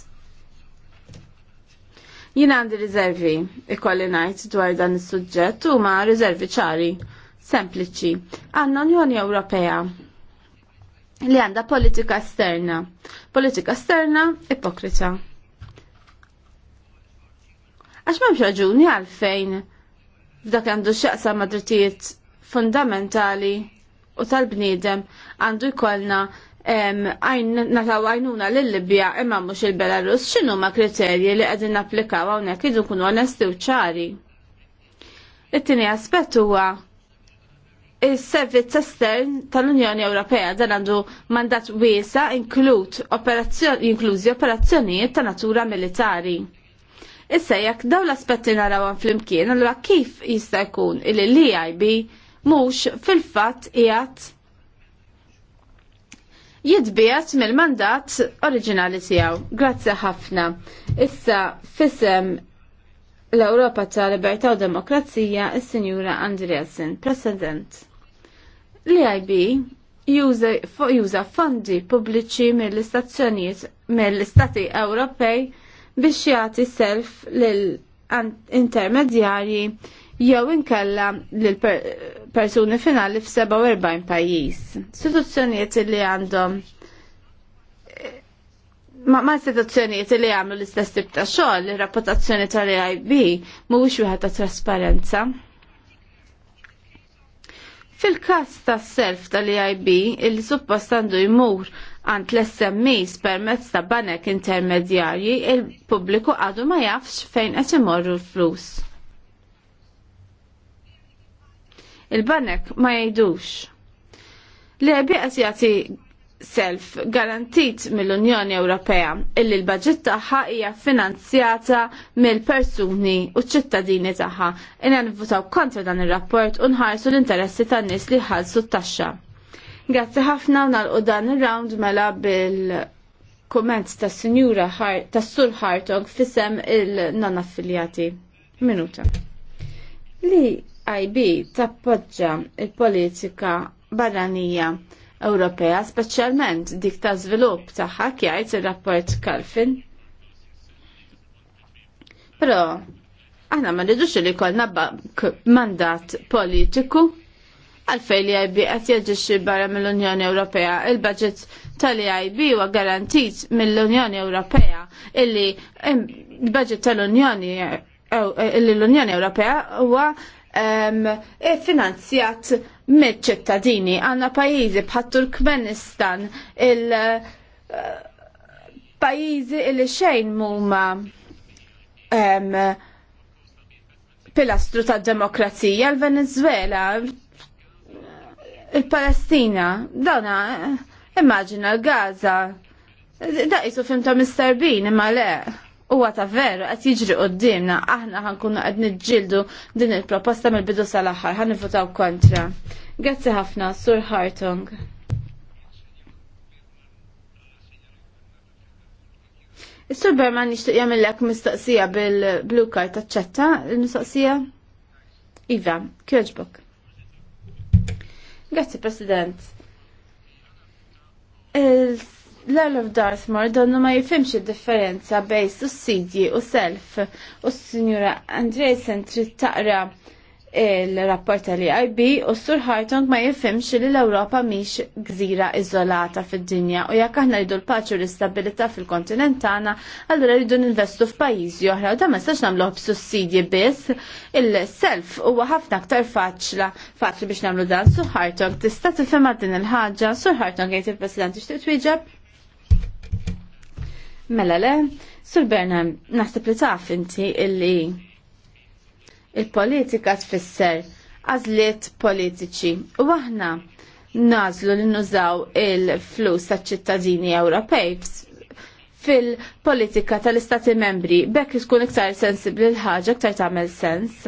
Jina għandi rizervi ikolli najt dwar dan is-suġġett u ma rizervi ċari, sempliċi. Għanna Unjoni Ewropea li għanda politika esterna. Politika esterna ipokrita. Għax m'hemmx raġuni għalfejn f'dak għandu x'aqsa ma' drittijiet fundamentali u tal-bniedem għandu jkollna nataw għajnuna l-Libja imma mux il-Belarus xinu ma' kriterji li qegħdin applikaw hawnhekk idu kunu onesti u ċari. It-tieni aspett huwa il-servizz estern tal-Unjoni Ewropea dan għandu mandat wiesa inklut operazzjoni operazzjonijiet ta' natura militari. Issa jekk daw l-aspetti naraw flimkien, allura kif jista' jkun li l-EIB mhux fil-fatt qiegħed jitbiet mill-mandat oriġinali tiegħu. Grazzi ħafna. Issa fisem l-Ewropa ta' Libertà u Demokrazija is-Sinjura Andreasen, President. L-EIB juża fondi pubbliċi mill-istazzjonijiet mill-istati Ewropej biex jagħti self lil intermedjarji jew inkella lil persuni finali f-47 pajjiż. Istituzzjonijiet li għandhom ma, ma istituzzjonijiet li għamlu l-istess tip ta' xogħol, ir-rapportazzjoni tal aib mhuwiex wieħed ta' trasparenza. Fil-każ tas-self tal aib il-suppost għandu jmur għand l-SMEs permezz ta' banek intermedjarji il-pubbliku għadu ma jafx fejn qed imorru l-flus. Il-banek ma jgħidux. Lebi qed jagħti self garantit mill-Unjoni Ewropea illi l-budget tagħha hija finanzjata mill-persuni u ċittadini tagħha. Inna nivvutaw kontra dan ir-rapport u nħarsu l-interessi tan-nies li ħalsu t-taxxa. Grazzi ħafna nalqu dan ir-round mela bil-kumment ta' sinjura tas Sur Hartog fisem il-non affiljati. Minuta. Li IB tappoġġa il-politika barranija Ewropea, speċjalment dik ta' żvilupp tagħha jgħid ir-rapport Kalfin. Però aħna ma rridux li jkollna mandat politiku għalfej li IB qed jaġixxi barra mill-Unjoni Ewropea. Il-budget tal-IB huwa garantit mill-Unjoni Ewropea illi il-budget tal-Unjoni illi l-Unjoni Ewropea huwa finanzjat mill-ċittadini. Għandna pajjiżi bħat Turkmenistan il-pajjiżi eh, illi xejn huma pilastru tad demokrazija l-Venezuela il-Palestina, dana, immagina l-Gaza, da jisu fim ta' Mr. Bean, imma le, huwa ta' veru, għat jiġri dimna aħna ħankun għad ġildu din il-proposta mill-bidu sal-axar, ħan votaw kontra. Grazzi ħafna, Sur Hartung. Is-Sur Berman nixtieq jagħmellek mistoqsija bil-blue card taċċetta l-mistoqsija? Iva, kjoġbok. Grazzi President. L-Earl of Dartmoor donnu ma jifimx id-differenza bejn sussidji u self u s-Sinjura Andresen trid taqra l rapporta li irb u Sur Hartung ma jifhimx li l-Ewropa mhix gżira iżolata fid-dinja u jekk aħna rridu l paċu u l-istabilità fil-kontinent tagħna, allura rridu ninvestu f'pajjiżi oħra u dan ma nistax nagħmluh b'sussidji biss. Il-self huwa ħafna aktar faċla faċli biex nagħmlu dan Sur Hartung tista' tifhem din il-ħaġa, Sur Hartung jgħid il-President tixtieq twieġeb. Mela le, Sur Bernham, naħseb li taf inti illi Il-politika tfisser għażliet politiċi u aħna nażlu li nużaw il-flus tal-ċittadini Ewropej fil-politika tal-istati membri bekk tkun iktar sensibli l-ħaġa iktar tagħmel sens.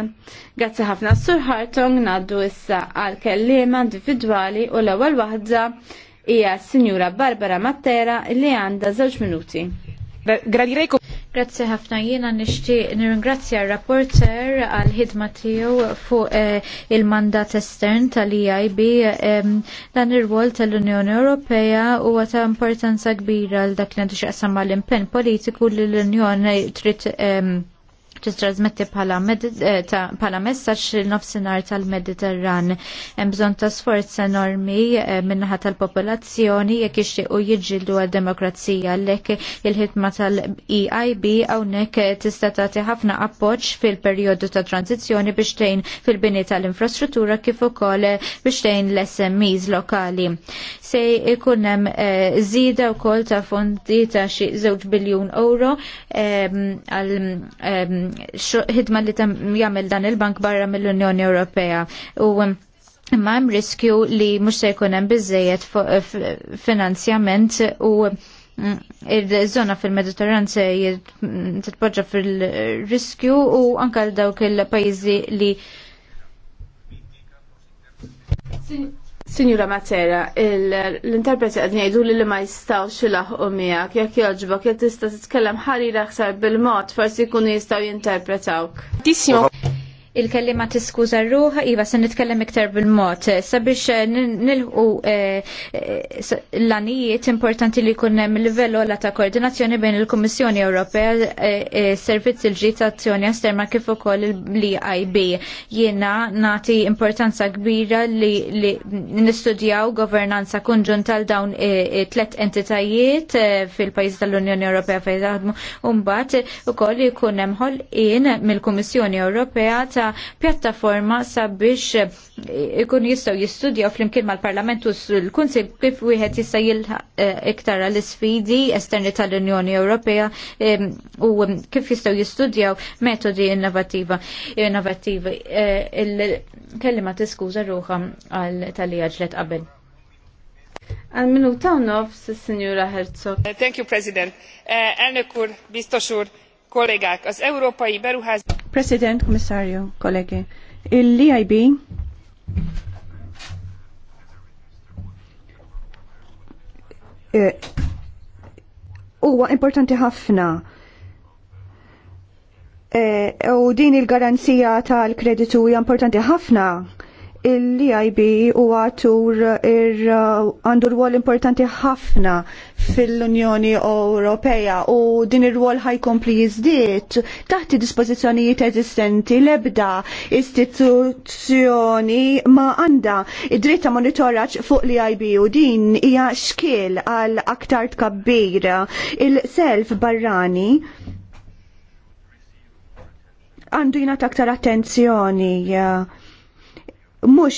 Grazzi ħafna Sur Hartong ngħaddu issa għal kelliema individwali u l-ewwel waħda hija s-Sinjura Barbara Mattera li għandha żewġ minuti. Grazzi ħafna jiena nixtieq nirringrazzja r-rapporter għal ħidma tiegħu fuq eh, il-mandat estern tal-EIB eh, dan ir-rwol tal-Unjoni Ewropea huwa ta' importanza kbira għal dak li għandu x'aqsam mal-impenn politiku li l-Unjoni trid eh, titrasmetti bħala eh, messaġġ il-nofsinhar tal-Mediterran. Hemm bżonn ta' sforz enormi eh, minnaħat tal-popolazzjoni jekk u jġildu għad-demokrazija għalhekk il ħitma tal-EIB hawnhekk tista' tagħti ħafna appoġġ fil-perjodu ta' tranzizjoni biex tgħin fil-bini tal-infrastruttura kif ukoll eh, biex tgħin l-SMEs lokali. Se jkun hemm u wkoll ta' fondi ta' xi żewġ biljun euro għal ħidma li jagħmel dan il-bank barra mill-Unjoni Ewropea u um, imma hemm riskju li mhux se jkun hemm biżejjed finanzjament u mm, il-żona fil-Mediterran se mm, titpoġġa fil-riskju u anka dawk il-pajjiżi li Signora Matera, l-interpreti għadni għajdu li li ma jistawx ilaħqu miegħek jekk jogħġbok jekk tista' tkellem ħarira ħsar bil-mod forsi jkunu jistgħu jinterpretawk il-kellima tiskuża r-ruħ, iva se nitkellem iktar bil-mod. Sabiex eh, nilħu eh, eh, l-anijiet importanti li jkun hemm livell la ta' koordinazzjoni bejn il-Kummissjoni Ewropea, servizz il-ġita azzjoni Asterma kif ukoll l-IB. Jiena nagħti importanza kbira li nistudjaw governanza konġunta għal dawn tlet entitajiet fil-pajjiż tal-Unjoni Ewropea fejn Umbat, u mbagħad ukoll jkun hemm ħolqien mill-Kummissjoni Ewropea ta' pjattaforma sabiex eh, ikun jistgħu jistudjaw flimkien mal-Parlament u l-Kunsil kif wieħed jista' jilħa eh, iktar għal sfidi esterni tal-Unjoni Ewropea eh, u kif jistgħu jistudjaw metodi innovativa. innovattivi. Il-kellima tiskuża ruħha għal talija ġlet qabel. Għal minuta u nofs, s-senjura Herzog. Thank you, President. Elnök biztos úr, kollégák, az európai beruházás... President, Commissario, kollegi, il-LIB eh, huwa importanti ħafna eh, u din il-garanzija tal-kreditu hija importanti ħafna l-IB u għatur uh, għandu rwol importanti ħafna fil-Unjoni Ewropea u din ir-rwol ħajkompli jizdiet taħt dispożizzjonijiet eżistenti lebda istituzzjoni ma għanda id-dritta monitoraċ fuq l-IB u din hija xkiel għal aktar tkabbir il-self barrani għandu jina aktar attenzjoni mux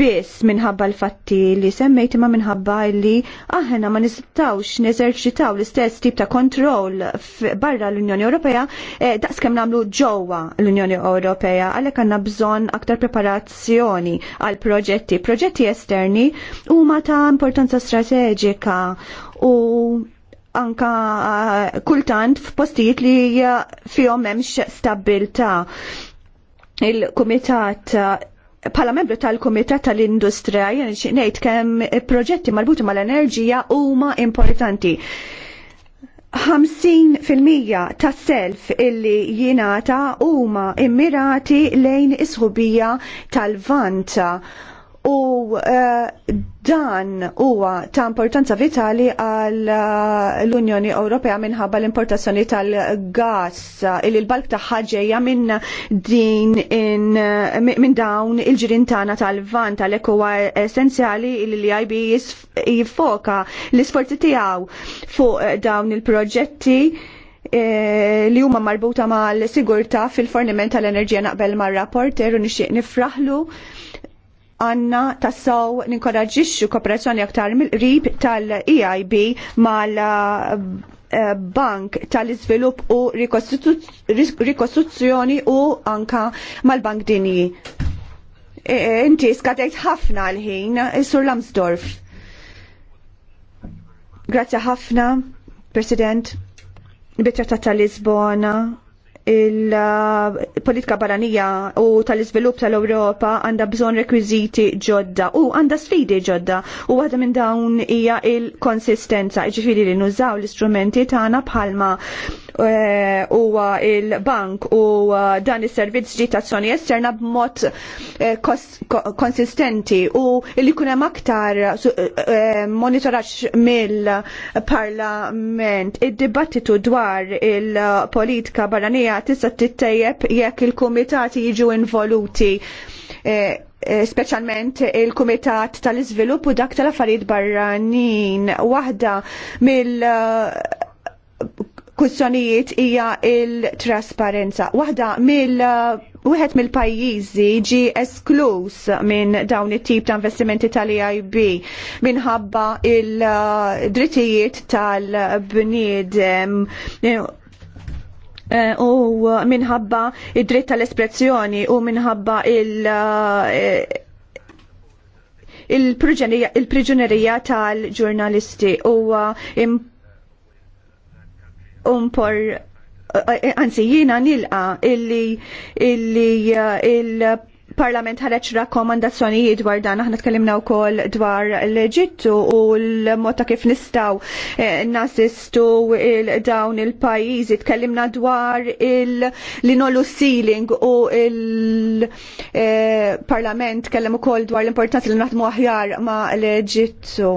biss minħabba l-fatti li semmejt ma minħabba li aħna ma nistawx neżerċitaw l-istess tip ta' kontroll barra l-Unjoni Ewropea eh, skem namlu ġewwa l-Unjoni Ewropea għalhekk għandna bżonn aktar preparazzjoni għal proġetti. Proġetti esterni huma ta' importanza strateġika u anka eh, kultant f'postijiet li fihom memx stabilta. Il-Kumitat Pala membru tal komitet tal-Industrija, jen ngħid kemm proġetti marbuti mal-enerġija huma importanti. 50% tas self illi jingħata huma immirati lejn is ħubija tal vanta u eh, dan huwa ta' importanza vitali għal eh, l-Unjoni Ewropea minħabba l-importazzjoni tal-gas eh, il il-balk ta' ġejja minn din minn dawn il-ġirin tagħna tal-van tal-ek huwa essenzjali li IB jiffoka l-isforzi tiegħu fuq dawn il-proġetti li huma marbuta mal sigurtà fil-forniment tal-enerġija naqbel mar-rapporter u nixtieq nifraħlu għanna tassaw ninkoraġixxu kooperazzjoni aktar mill-qrib tal-EIB mal eh, bank tal-izvilupp u rikostruzzjoni u anka mal-bank dinji. E, e, inti skadejt ħafna l-ħin, eh, Sur Lamsdorf. Grazie ħafna, President, bittratat tal-Lisbona, il-politika barranija u tal-izvilup tal-Europa għanda bżon rekwiziti ġodda u għanda sfidi ġodda u għada minn dawn hija il-konsistenza ġifiri li nużaw l-istrumenti tagħna bħalma eh, u il-bank u eh, dan is-servizz ġi tazzjoni esterna b'mod eh, konsistenti u li kun hemm aktar monitoraġġ mill-Parlament id-dibattitu dwar il-politika barranija tista' tittejjeb jekk il-kumitati jiġu involuti e, e, speċjalment il-Kumitat tal-Iżvilupp u dak tal-Affarijiet Barranin. Waħda mill- e, kussjonijiet hija il-trasparenza. Waħda mill- Wieħed mill-pajjiżi ġi esklus minn dawn it-tip ta' investimenti tal-EIB minħabba il-drittijiet tal-bniedem Eh, u minħabba id-dritt tal-espressjoni u minħabba il- eh, il-priġunerija tal-ġurnalisti u eh, umpor anzi jina nilqa illi illi il il-Parlament ħareċ rakkomandazzjonijiet dwar dan aħna tkellimna wkoll dwar l-Eġittu u l-mod ta' kif nistgħu eh, nasistu dawn il-pajjiżi tkellimna dwar l-inolu ceiling u il-Parlament eh, tkellem ukoll dwar l-importanza li naħdmu aħjar ma' l-Eġittu.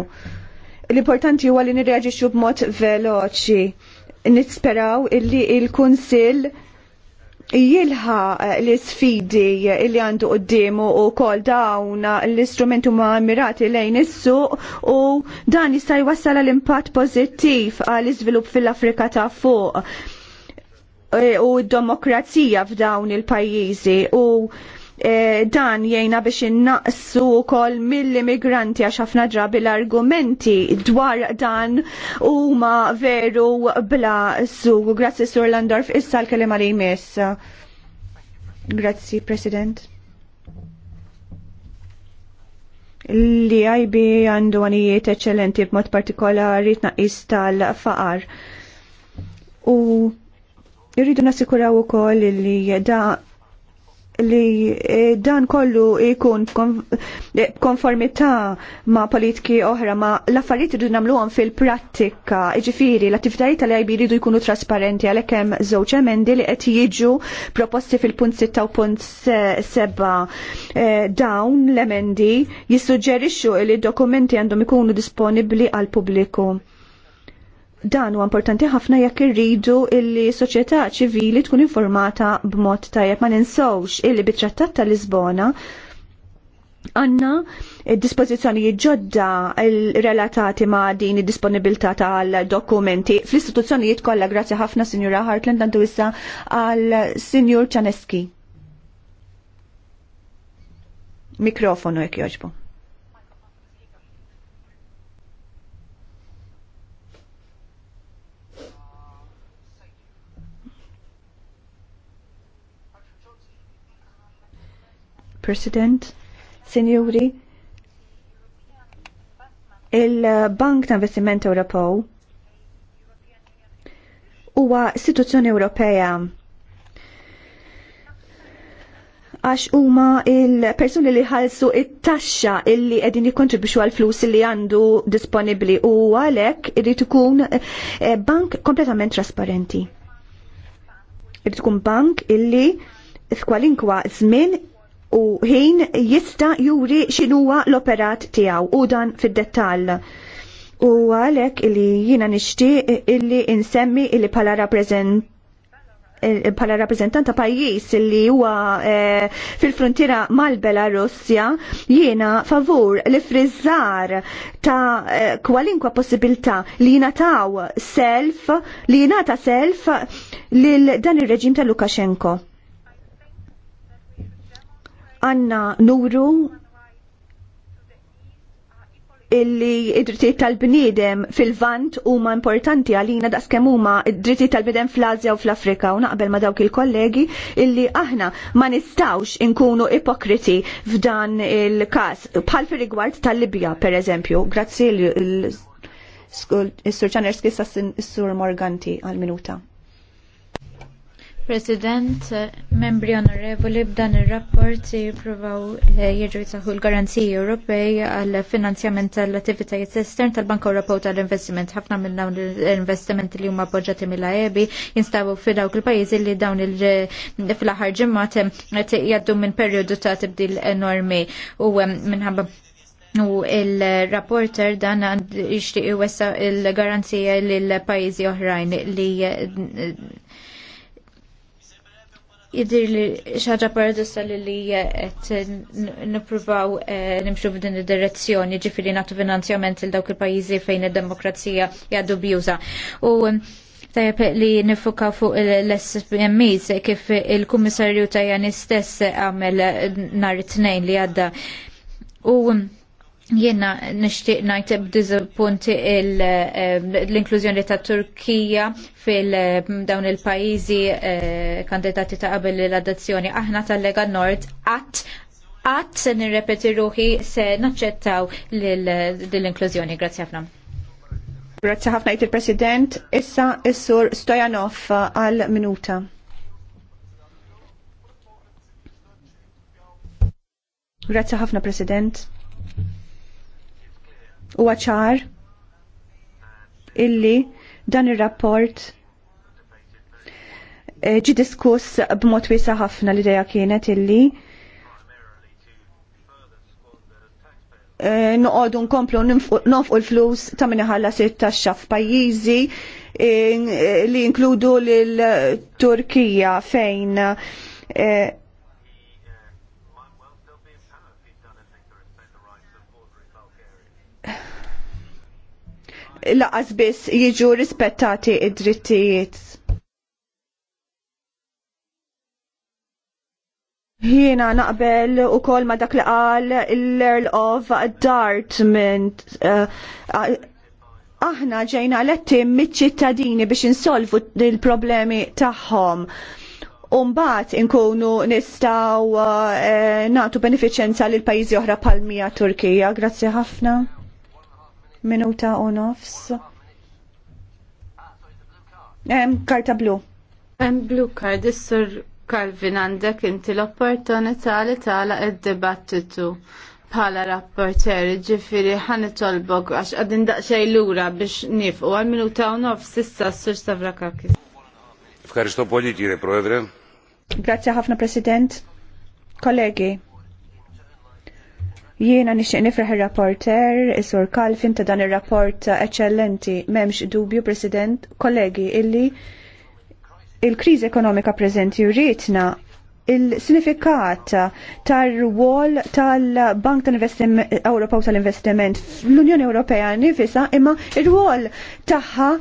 L-importanti huwa li nirreġixxu b'mod veloċi. Nisperaw illi il-Kunsill il kunsill jilħa eh, l-sfidi li għandu għoddimu u kol dawn l-istrumentu ma' mirati lejn is-suq u dan jista' jwassal l-impatt pożittiv għal iżvilupp fil-Afrika ta' fuq eh, u d-demokrazija f'dawn il-pajjiżi u Eh, dan jgħina biex innaqsu kol mill-immigranti għax ħafna drabi l-argumenti dwar dan huma veru bla su. Grazzi Sur Landorf, issa l-kelima li jmiss. Grazzi, President. Li għajbi għandu għanijiet eccellenti b'mod partikolari tnaqis tal-faqar. U irridu nasikuraw ukoll li da li e, dan kollu jkun e, konformità ma' politiki oħra ma' l-affarijiet irridu nagħmluhom fil-prattika, jiġifieri l-attivitajiet tal-IB jridu jkunu trasparenti għalhekk hemm żewġ emendi li qed jiġu proposti fil-punt 6 u punt 7 e, dawn l-emendi jissuġġerixxu li d-dokumenti għandhom ikunu disponibbli għal pubbliku. Dan huwa importanti ħafna jekk irridu illi soċjetà ċivili tkun informata b'mod tajjeb ma ninsawx illi bit-Trattat ta' Lisbona għanna dispozizjoni ġodda relatati ma' din id-disponibilità tal-dokumenti fl-istituzzjonijiet kollha grazzi ħafna Sinjura Hartland għandu issa għal Sinjur Ċaneski. Mikrofonu jekk joġbu. President, Sinjuri, il-Bank ta' Investiment Ewropew huwa istituzzjoni Ewropea għax huma il-persuni li ħalsu it-taxxa illi qegħdin jikkontribwixxu għal flus li għandu disponibbli u għalhekk irid ikun eh, bank kompletament trasparenti. Irid tkun bank illi f'kwalinkwa żmien u ħin jista juri xinuwa l-operat tijaw u dan fid-dettall. U għalek li jina nishti illi insemmi illi pala rappresent pala eh, rappresentanta pajjiż li huwa eh, fil-frontiera mal-Belarusja jiena favur li frizzar ta' eh, kwalinkwa possibilità li jingħataw self li ta' self lil dan ir-reġim ta' Lukashenko għanna nuru illi id-drittijiet tal-bniedem fil-vant huma importanti għalina daqskemm huma id-drittijiet tal-bniedem fl-Azja u fl-Afrika u naqbel ma dawk il-kollegi illi aħna ma nistawx inkunu ipokriti f'dan il-każ bħal fir rigward tal-Libja pereżempju. Grazzi il sur Ċanerski sassin is-Sur Morganti għal-minuta. President, membri onorevoli, b'dan ir-rapport jippruvaw eh, jirġu jsaħħu l-garanziji Ewropej għal finanzjament tal-attivitajiet estern tal-Bank Ewropew tal-Investiment. Ħafna minn dawn l-investimenti li huma poġġati mill ebi jinstabu fi dawk il-pajjiżi li dawn eh, fl-aħħar ġimmat eh, qed jgħaddu minn perjodu ta' tibdil enormi u minħabba U il-rapporter dan ixtiq wessa il-garanzija l-pajizi oħrajn li jidir li xaġa paradossa li li nipruvaw eh, nimxu f'din id-direzzjoni ġifiri natu finanzjament il dawk il-pajizi fejn id-demokrazija jgħaddu bjuża. U mm, tajab li nifuka fuq l-SMEs kif il-Kummissarju tajani stess għamel nar it-tnejn li għadda. U mm, Jena nishtiq najt b'dizappunti ehm, l-inklużjoni ta' Turkija fil-dawn ehm, il-pajizi eh, kandidati ta' qabel l-adazzjoni. Aħna tal-Lega Nord għat għat se nirrepeti ruħi se naċċettaw l-inklużjoni. Grazzi ħafna. Grazzi ħafna jt il-President. Issa issur sur Stojanov għal-minuta. Grazzi ħafna President u ċar illi dan ir-rapport eh, ġi diskuss b'mod wiesa ħafna l-idea kienet illi eh, noqogħdu nkomplu nofqu l-flus ta' min iħallas it xaf f'pajjiżi eh, li inkludu lil Turkija fejn laqas biss jiġu rispettati id-drittijiet. Jiena naqbel u kol ma dak li qal l-Earl of Dartmouth. Eh, aħna ġejna letti mit-ċittadini biex insolvu il-problemi tagħhom. Umbat inkunu nistaw uh, eh, natu beneficenza l pajjiżi oħra bħall-mija Turkija. Grazzi ħafna minuta u nofs. Em, karta blu. Em, blu card, sur Calvin għandek inti l-opportunità li tala id-dibattitu bħala rapporter ġifiri ħan tolbok għax għadin daqxaj lura biex nifqu għal minuta u nofs issa s-sur Stavra Fkaristo politi, re, Proedre. Grazie ħafna, President. Kollegi. Jiena nixtieq nifraħ ir-rapporter Sur Kalfin ta' dan ir-rapport eċċellenti m'hemmx dubju President kollegi illi il-kriżi ekonomika preżenti rritna il-sinifikat tar wall tal-Bank tal-Investiment Ewropew tal-Investiment fl-Unjoni Ewropea nifisa imma il-wall tagħha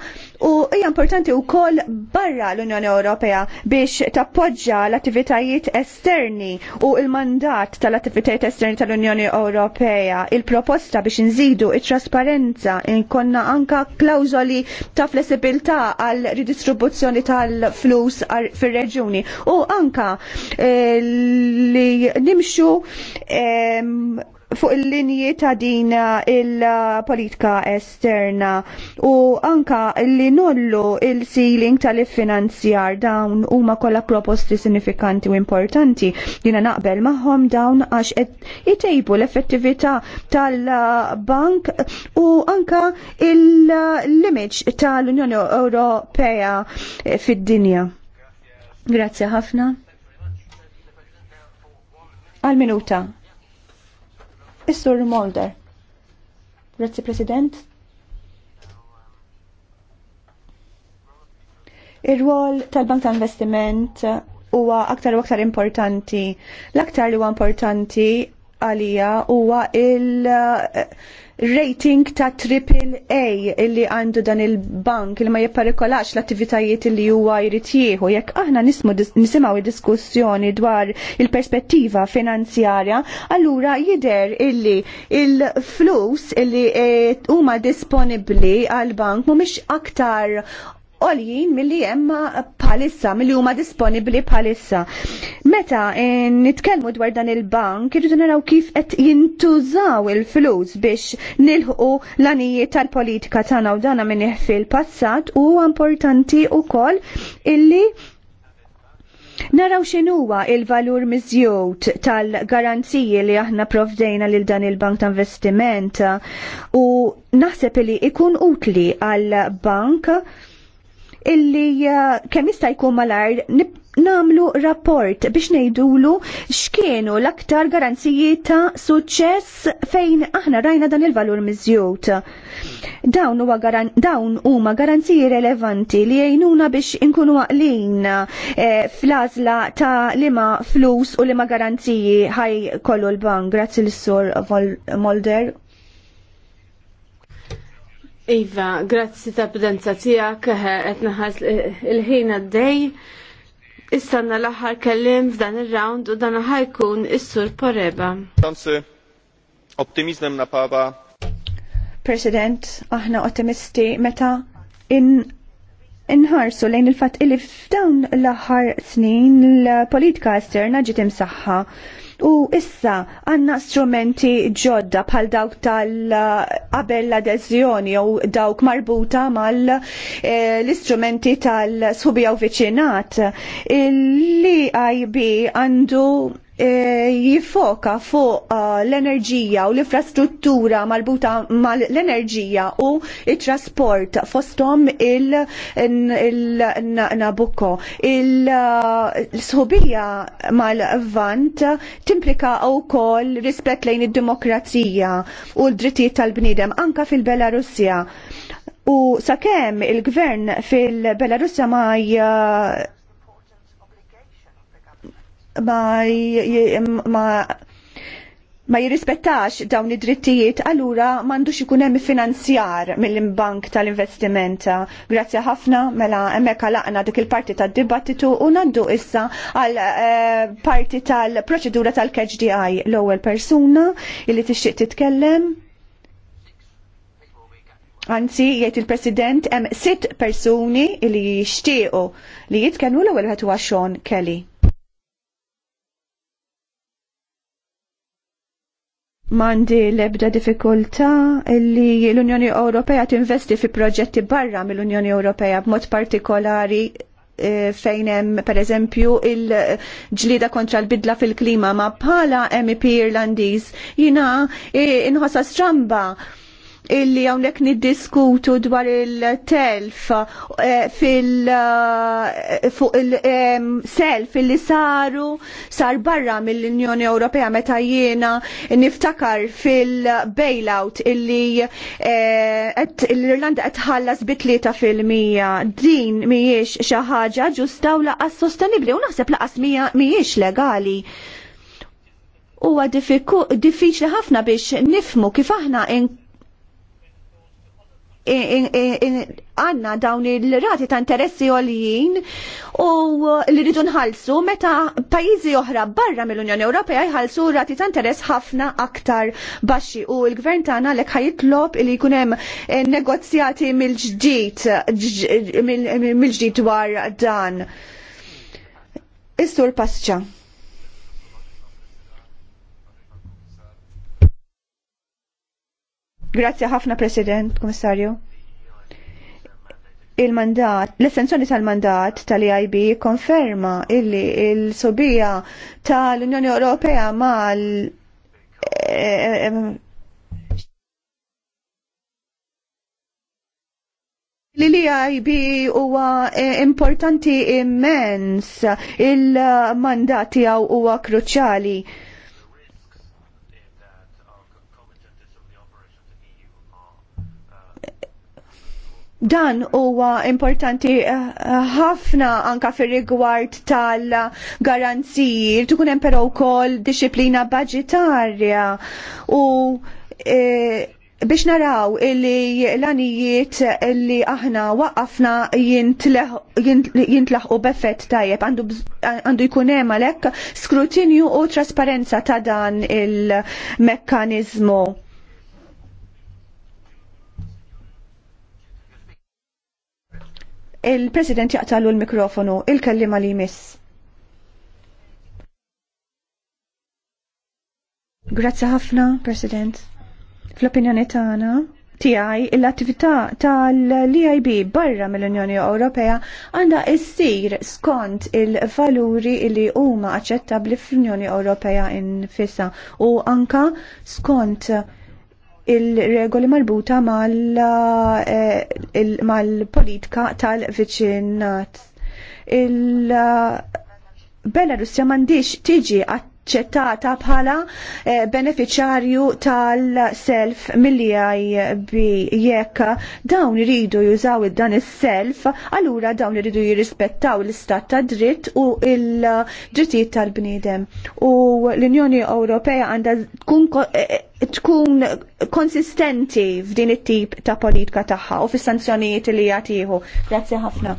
U hija importanti wkoll barra l-Unjoni Ewropea biex tappoġġa l-attivitajiet esterni u l-mandat tal-attivitajiet esterni tal-Unjoni Ewropea. Il-proposta biex nżidu it-trasparenza inkonna anka klawżoli ta' flessibilità għal ridistribuzzjoni tal-flus fir-reġuni u anka eh, li nimxu fuq il-linji ta' din il-politika esterna u anka li nollu il-sealing tal-finanzjar dawn huma kollha proposti sinifikanti u importanti dina naqbel magħhom dawn għax qed l-effettività tal-bank u anka il-limit tal-Unjoni Ewropea fid-dinja. Grazie ħafna. Għal minuta. Is-Sur Mulder. Grazzi President. Ir-rwol tal-Bank ta' Investiment huwa aktar u aktar importanti. L-aktar li huwa importanti għalija huwa il- rating ta' triple A illi għandu dan il-bank il ma jipparikolax l-attivitajiet illi huwa jrid jieħu. Jekk aħna nismu nisimgħu diskussjoni dwar il-perspettiva finanzjarja, allura jider illi il-flus illi eh, huma disponibbli għal bank mhumiex aktar mill milli hemm palissa, milli huma disponibbli palissa. Meta eh, nitkellmu dwar dan il-bank, irridu naraw kif qed jintużaw il-flus biex nilħu l-anijiet tal-politika tagħna u dana minn fil-passat u importanti wkoll illi Naraw xinuwa il-valur mizjot tal-garanziji li aħna provdejna lil dan il-bank ta' investiment u naħseb li ikun utli għal-bank illi kemm jista' jkun malajr namlu rapport biex nejdulu xkienu l-aktar garanziji ta' suċċess fejn aħna rajna dan il-valur miżjut. Dawn huwa dawn huma garanziji relevanti li jgħinuna biex inkunu għaqlin eh, fl-għażla ta' lima flus u lima garanziji ħaj kollu l-bank. Grazzi l-sur Molder. Iva, grazzi ta' prudenza tijak, eh, etnaħas eh, il-ħin għaddej. Istanna l-aħħar kellim f'dan ir-round u dan ħajkun is-sur Poreba. Optimizmem na papa. President, aħna ottimisti meta in inħarsu lejn il-fatt illi f'dawn l-aħħar snin l-politika esterna ġiet imsaħħa. saħħa U issa għanna strumenti ġodda bħal dawk tal-qabel l-adeżjoni jew dawk marbuta mal eh, l-istrumenti tal subjaw u viċinat li IB għandu E, jifoka fuq e, l-enerġija u l-infrastruttura marbuta mal-enerġija u il-trasport fostom il-Nabucco. Il-sħubija mal-Vant timplika u kol rispet lejn id-demokrazija u l-drittijiet tal-bnidem anka fil-Belarusja. U sakemm il-gvern fil-Belarusja ma ma ma jirrispettax dawn id-drittijiet, allura m'għandux ikun hemm finanzjar mill-Bank tal-Investimenta. Grazzi ħafna mela hemmhekk għalaqna dik il-parti tad-dibattitu u nandu issa għal eh, parti tal-proċedura tal-KHDI l-ewwel persuna illi tixtieq titkellem. Anzi, jgħid il-President hemm sitt persuni li jixtiequ li jitkellmu l-ewwel wieħed huwa Sean Kelly. mandi lebda diffikultà li l-Unjoni Ewropea tinvesti fi proġetti barra mill-Unjoni Ewropea b'mod partikolari eh, fejn hemm pereżempju il-ġlida kontra l-bidla fil-klima ma bħala MEP Irlandiż jina eh, inħossa stramba illi hawnhekk niddiskutu dwar il-telf eh, fil eh, fuq il-self illi saru sar barra mill-Unjoni Ewropea meta jiena niftakar fil-bailout illi eh, l-Irlanda qed tħallas bi 3% fil-mija din mhijiex xi ħaġa ġusta u laqas sostenibbli u naħseb laqas mhijiex legali huwa diffiċli ħafna biex nifmu kif aħna għanna dawn il-rati ta' interessi għoljien u li rridu nħalsu meta pajizi oħra barra mill-Unjoni Ewropea jħalsu rati ta' interess ħafna aktar baxxi u l-gvern tagħna lek ħajitlob li jkun hemm eh, negozjati mill-ġdid mill-ġdid dwar dan. Is-sur Pasċa. Grazzi ħafna President, Komissarju. Il-mandat, l-estensjoni tal-mandat tal-EIB konferma illi il-sobija tal-Unjoni Ewropea mal li li IB huwa importanti immens il-mandat tiegħu huwa kruċjali. Dan huwa importanti eh, eh, ħafna uh, anka fir-rigward tal-garanziji, tkun hemm però wkoll disciplina budġetarja u e, biex naraw illi l-anijiet illi aħna waqafna jintlaħqu b'effett tajjeb għandu jkun hemm għalhekk skrutinju u trasparenza ta' dan il-mekkaniżmu Il-President jaqtalu l-mikrofonu, il-kellima li jmiss. Grazzi ħafna, President. Fl-opinjoni tagħna tiegħi l-attività tal-EIB barra mill-Unjoni Ewropea għandha issir skont il-valuri li huma aċċettabbli fl-Unjoni Ewropea infissa u anka skont il-regoli marbuta eh, mal-politika mal politika tal Il-Belarusja mandiċ tiġi għat aċċettata bħala eh, beneficjarju tal-self mill bi jekk dawn iridu jużaw dan is-self, allura dawn iridu jirrispettaw l-istat ta' dritt u l-drittijiet tal-bniedem. U l-Unjoni Ewropea għandha tkun eh, eh, tkun konsistenti f'din it-tip ta' politika tagħha u fis-sanzjonijiet li jagħtihu. Grazzi ħafna.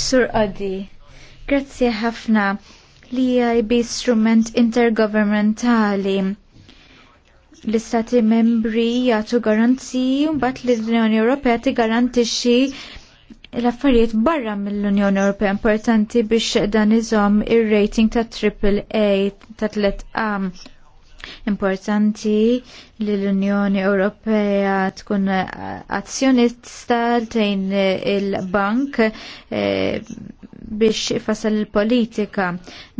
Sur Adi, grazzi ħafna li IB strument intergovernmentali l-istati membri jagħtu garanziji u mbagħad l-Unjoni Ewropea tigarantixxi l-affarijiet barra mill-Unjoni Ewropea importanti biex dan iżomm ir-rating ta' triple A ta' 3A Importanti li l-Unjoni Ewropea tkun azzjonista tejn il-bank eh, biex fasal il-politika.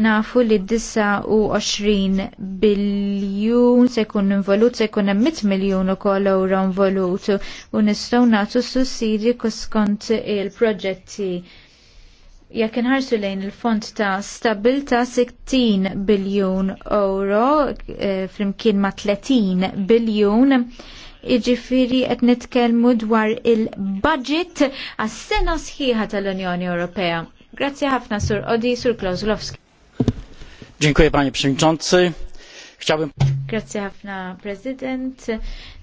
Nafu li 29 biljun se jkun involut, se jkun 100 miljun u kol euro involut u nistaw natu sussidi skont il-proġetti jekk inħarsu lejn il-fond ta' stabilta 60 biljun euro eh, flimkien ma' 30 biljun iġifiri qed nitkellmu dwar il-budget għas-sena sħiħa tal-Unjoni Ewropea. Grazzi ħafna sur Odi sur Klauslowski. Dziękuję panie przewodniczący. Chciałbym Grazzi ħafna President.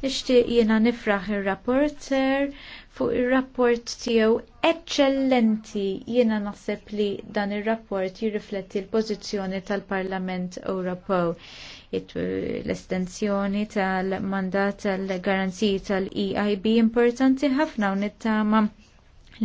Nixtieq jiena nifraħ ir-rapporter fuq ir-rapport tiegħu eċċellenti jiena naħseb li dan ir-rapport jirrifletti l-pożizzjoni tal-Parlament Ewropew l-estensjoni tal-mandat tal-garanziji tal-EIB importanti ħafna u nittama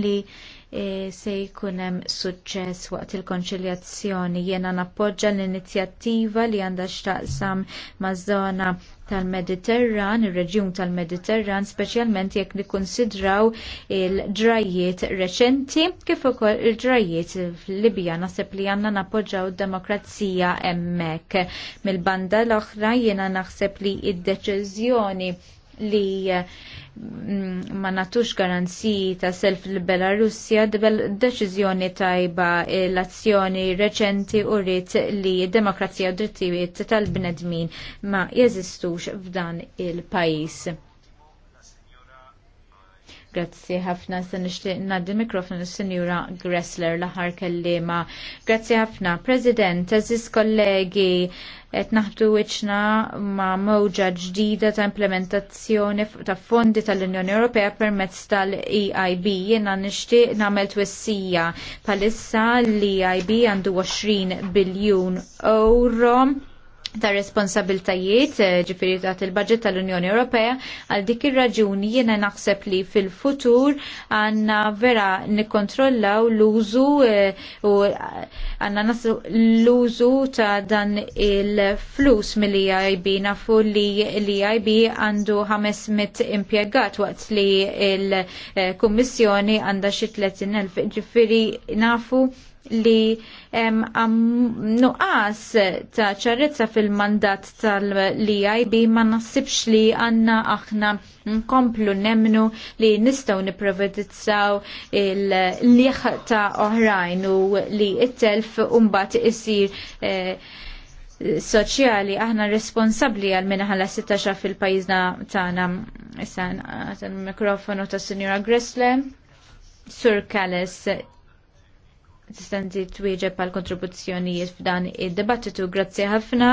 li e, se jkun hemm suċċess waqt il-konċiljazzjoni. Jiena nappoġġa l-inizjattiva li għandha xtaqsam maż-żona tal-Mediterran, ir-reġjun tal-Mediterran, speċjalment jekk nikkonsidraw il-ġrajiet reċenti, kif ukoll il-ġrajiet fil-Libja naħseb li għandna napoġġaw demokrazija hemmhekk. Mill-banda l-oħra jiena naħseb li id-deċiżjoni li mm, ma natux garanziji ta' self li belarusja deċiżjoni tajba l-azzjoni reċenti u rrit li demokrazija u drittijiet tal-bnedmin ma jeżistux f'dan il-pajis. Grazzi ħafna se nixtieq ngħaddi l-mikrofon s sinjura Gressler l-aħħar kellima. Grazzi ħafna. President, eżis kollegi, qed naħdu wiċċna ma' mowġa ġdida ta' implementazzjoni ta' fondi tal-Unjoni Ewropea permezz tal-EIB. Jiena nixtieq nagħmel twissija bħalissa l-EIB għandu 20 biljun euro ta' responsabiltajiet eh, ġifiri ta' il-budget tal-Unjoni Ewropea għal dik ir-raġuni jiena naħseb li fil-futur għanna vera nikkontrollaw l-użu eh, u għanna nasu l-użu ta' dan il-flus mill ib nafu li l ib għandu 500 impiegat waqt li il-Kummissjoni eh, għanda xi 30.000 ġifiri nafu li nuqqas ta' ċarrezza fil-mandat tal-LIB ma nasibx li għanna aħna nkomplu nemnu li nistaw niprovedizzaw il-liħ ta' oħrajn u li it-telf umbat isir e, soċjali aħna responsabli għal minna ħalla 16 fil-pajizna tagħna issa mikrofonu ta' Sinjora Gressle. Sur Kalles, assistanti twieġeb għal kontribuzzjonijiet f'dan id-dibattitu. Grazzi ħafna.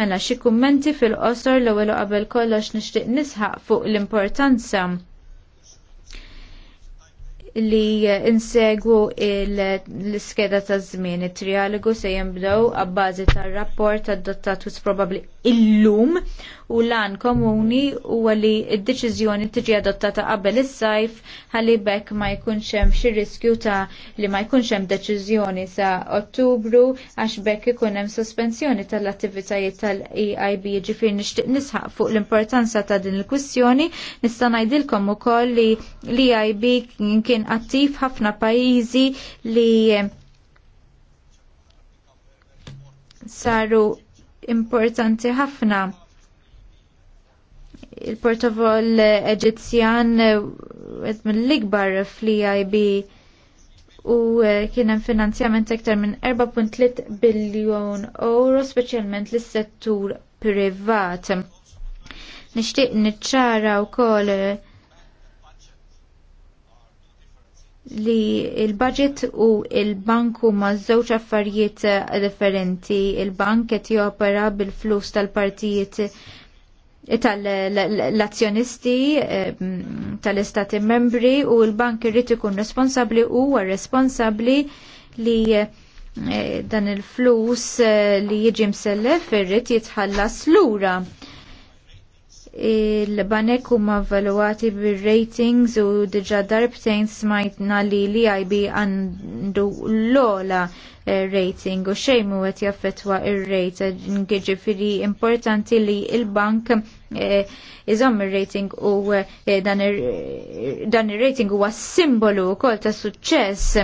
Mela xi kummenti fil-qosor l-ewwel qabel kollox nixtieq nisħaq fuq l-importanza li insegwu l-iskeda ta' żmien. it trialogu se jinbdew għabbażi tar-rapport adottat wis probabbli illum u lan komuni u li id-deċiżjoni tiġi adottata qabel is-sajf ħalli bekk ma jkunx hemm xi riskju ta' li ma jkunx hemm deċiżjoni sa' Ottubru għax bekk ikun hemm sospensjoni tal-attivitajiet tal-EIB ġifier nixtieq nisħaq fuq l-importanza ta' din il-kwistjoni nista' ngħidilkom ukoll li l-EIB kien attiv ħafna pajjiżi li saru importanti ħafna. il portofoll Eġizzjan għed mill-ikbar fl-IIB u eh, kien hemm finanzjament aktar minn 4.3 biljun euro speċjalment lis-settur privat. Nixtieq niċċara wkoll eh, li il-budget u il-bank huma żewġ affarijiet differenti. Il-bank qed jopera bil-flus tal-partijiet tal-azzjonisti ehm, tal-istati membri u l-bank irrid ikun responsabbli u responsabbli li eh, dan il-flus eh, li jiġi msellef irrid jitħallas lura il-banek huma valuati bir-ratings u diġà darbtejn smajtna li li għajbi għandu l-ola eh, rating u xejn għet qed jaffettwa ir-rating ġifieri importanti li il-bank eh, iżomm ir-rating u eh, dan ir-rating huwa simbolu wkoll ta' suċċess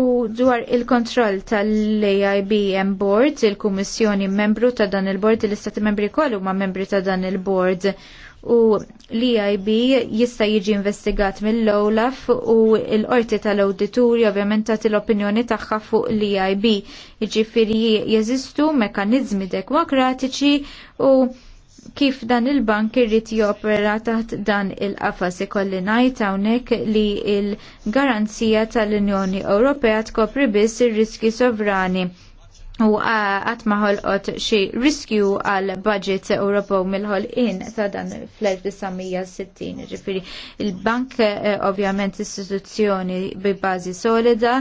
U dwar il-kontroll tal-AIBM Board, il-Kummissjoni membru ta' dan il-Board, l-Istati membri kollu ma' membri ta' dan il-Board. U l-EIB jista' jiġi investigat mill-OLAF u l-Qorti tal-Awdituri ovvjament tagħti l-opinjoni tagħha fuq l-EIB. Jiġifieri jeżistu mekkaniżmi demokratiċi u kif dan il-bank irrid jopera taħt dan il-qafas ikolli ngħid hawnhekk li l garanzija tal-Unjoni Ewropea tkopri biss ir-riski sovrani u uh, ma ħolqot xi riskju għal budget Ewropew mill ħolqien ta' dan fl-1960. Ġifiri, il-bank uh, ovvjament istituzzjoni bi bażi solida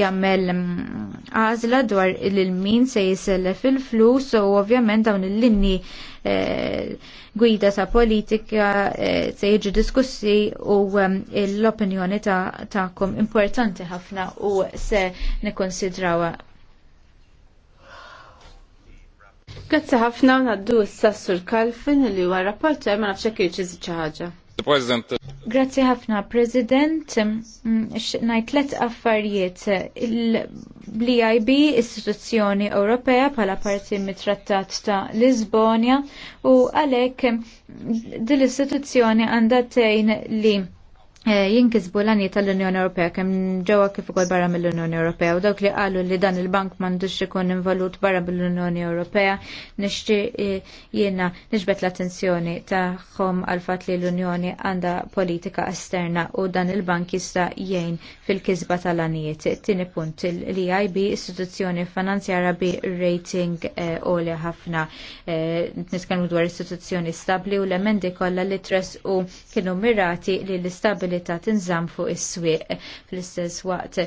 jagħmel mm, għażla dwar il-min se jisellef il-flus u ovvjament dawn il-linni uh, gwida ta' politika se jiġu diskussi u um, l-opinjoni ta'kom importanti ħafna u se nikonsidrawa Grazzi ħafna u naddu issa sur Kalfin li huwa rapporter ma nafx hekk jirċiżi xi ħaġa. Grazzi ħafna, President. Najt tlet affarijiet. l bib Istituzzjoni Ewropea, pala parti mit-trattat ta' Lisbonja, u għalek dil-istituzzjoni għandatejn li Eh, jinkisbu l-għani tal-Unjoni Ewropea kemm ġewwa kif ukoll barra mill-Unjoni Ewropea u dawk li qalu li dan il-bank m'għandux ikun involut barra mill-Unjoni Ewropea nixtieq eh, jiena nixbet l-attenzjoni tagħhom għal fatt li l-Unjoni għandha politika esterna u dan il-bank jista' jgħin fil-kisba tal-għanijiet. Tieni punt l-EIB istituzzjoni finanzjara bi rating għoli eh, ħafna. niskanu dwar istituzzjoni stabbli u l-emendi kollha li tress u kienu mirati li l istabli possibilità volatilità tinżamm fuq is-swieq fl-istess waqt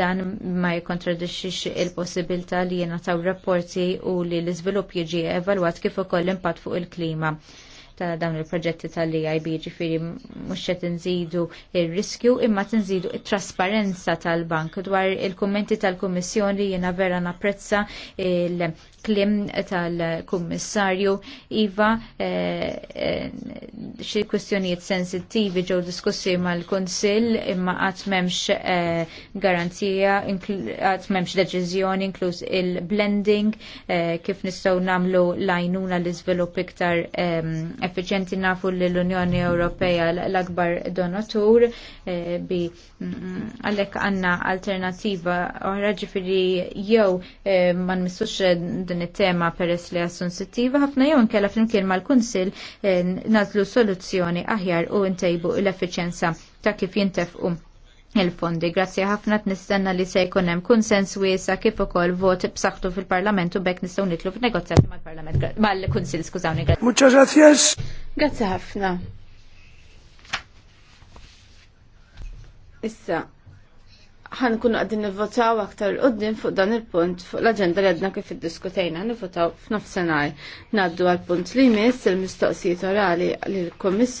dan ma jikontradixxix il-possibilità li jingħataw rapporti u li l-iżvilupp jiġi evalwat kif ukoll impatt fuq il-klima ta' dawn il-proġetti tal-EIB ġifiri mux qed inżidu il-riskju imma tinżidu t trasparenza tal-bank dwar il-kummenti tal-Kummissjoni jiena vera napprezza klim tal-kummissarju Iva eh, eh, xi kwistjonijiet sensittivi ġew diskussi mal-Kunsill imma qatt m'hemmx eh, garanzija qatt m'hemmx deċiżjoni inkluż il-blending kif nistgħu nagħmlu lajnuna l-iżvilupp iktar effiċjenti nafu l-Unjoni Ewropea l-akbar donatur bi mm, għalhekk għandna alternattiva oħra ġifieri jew ma nmissux din it-tema peress li għasun assensittiva ħafna jew inkella flimkien mal kunsil eh, nazlu soluzzjoni aħjar u ntejbu l efficienza ta' kif jintefqu il-fondi. Grazzi ħafna t-nistenna li se jkun hemm kunsens wiesa kif ukoll vot b'saħħtu fil-Parlament u bekk nistgħu nitlu f'negozjati mal-Parlament mal-Kunsill, skużawni. Muchas gracias. Grazzi ħafna. Issa, kunu għaddin nivvotaw aktar l fuq dan il-punt fuq l-agenda li għadna kif id-diskutejna nivvotaw f'nofsenar. Naddu għal-punt li jmiss il-mistoqsijiet orali l-Komissjoni.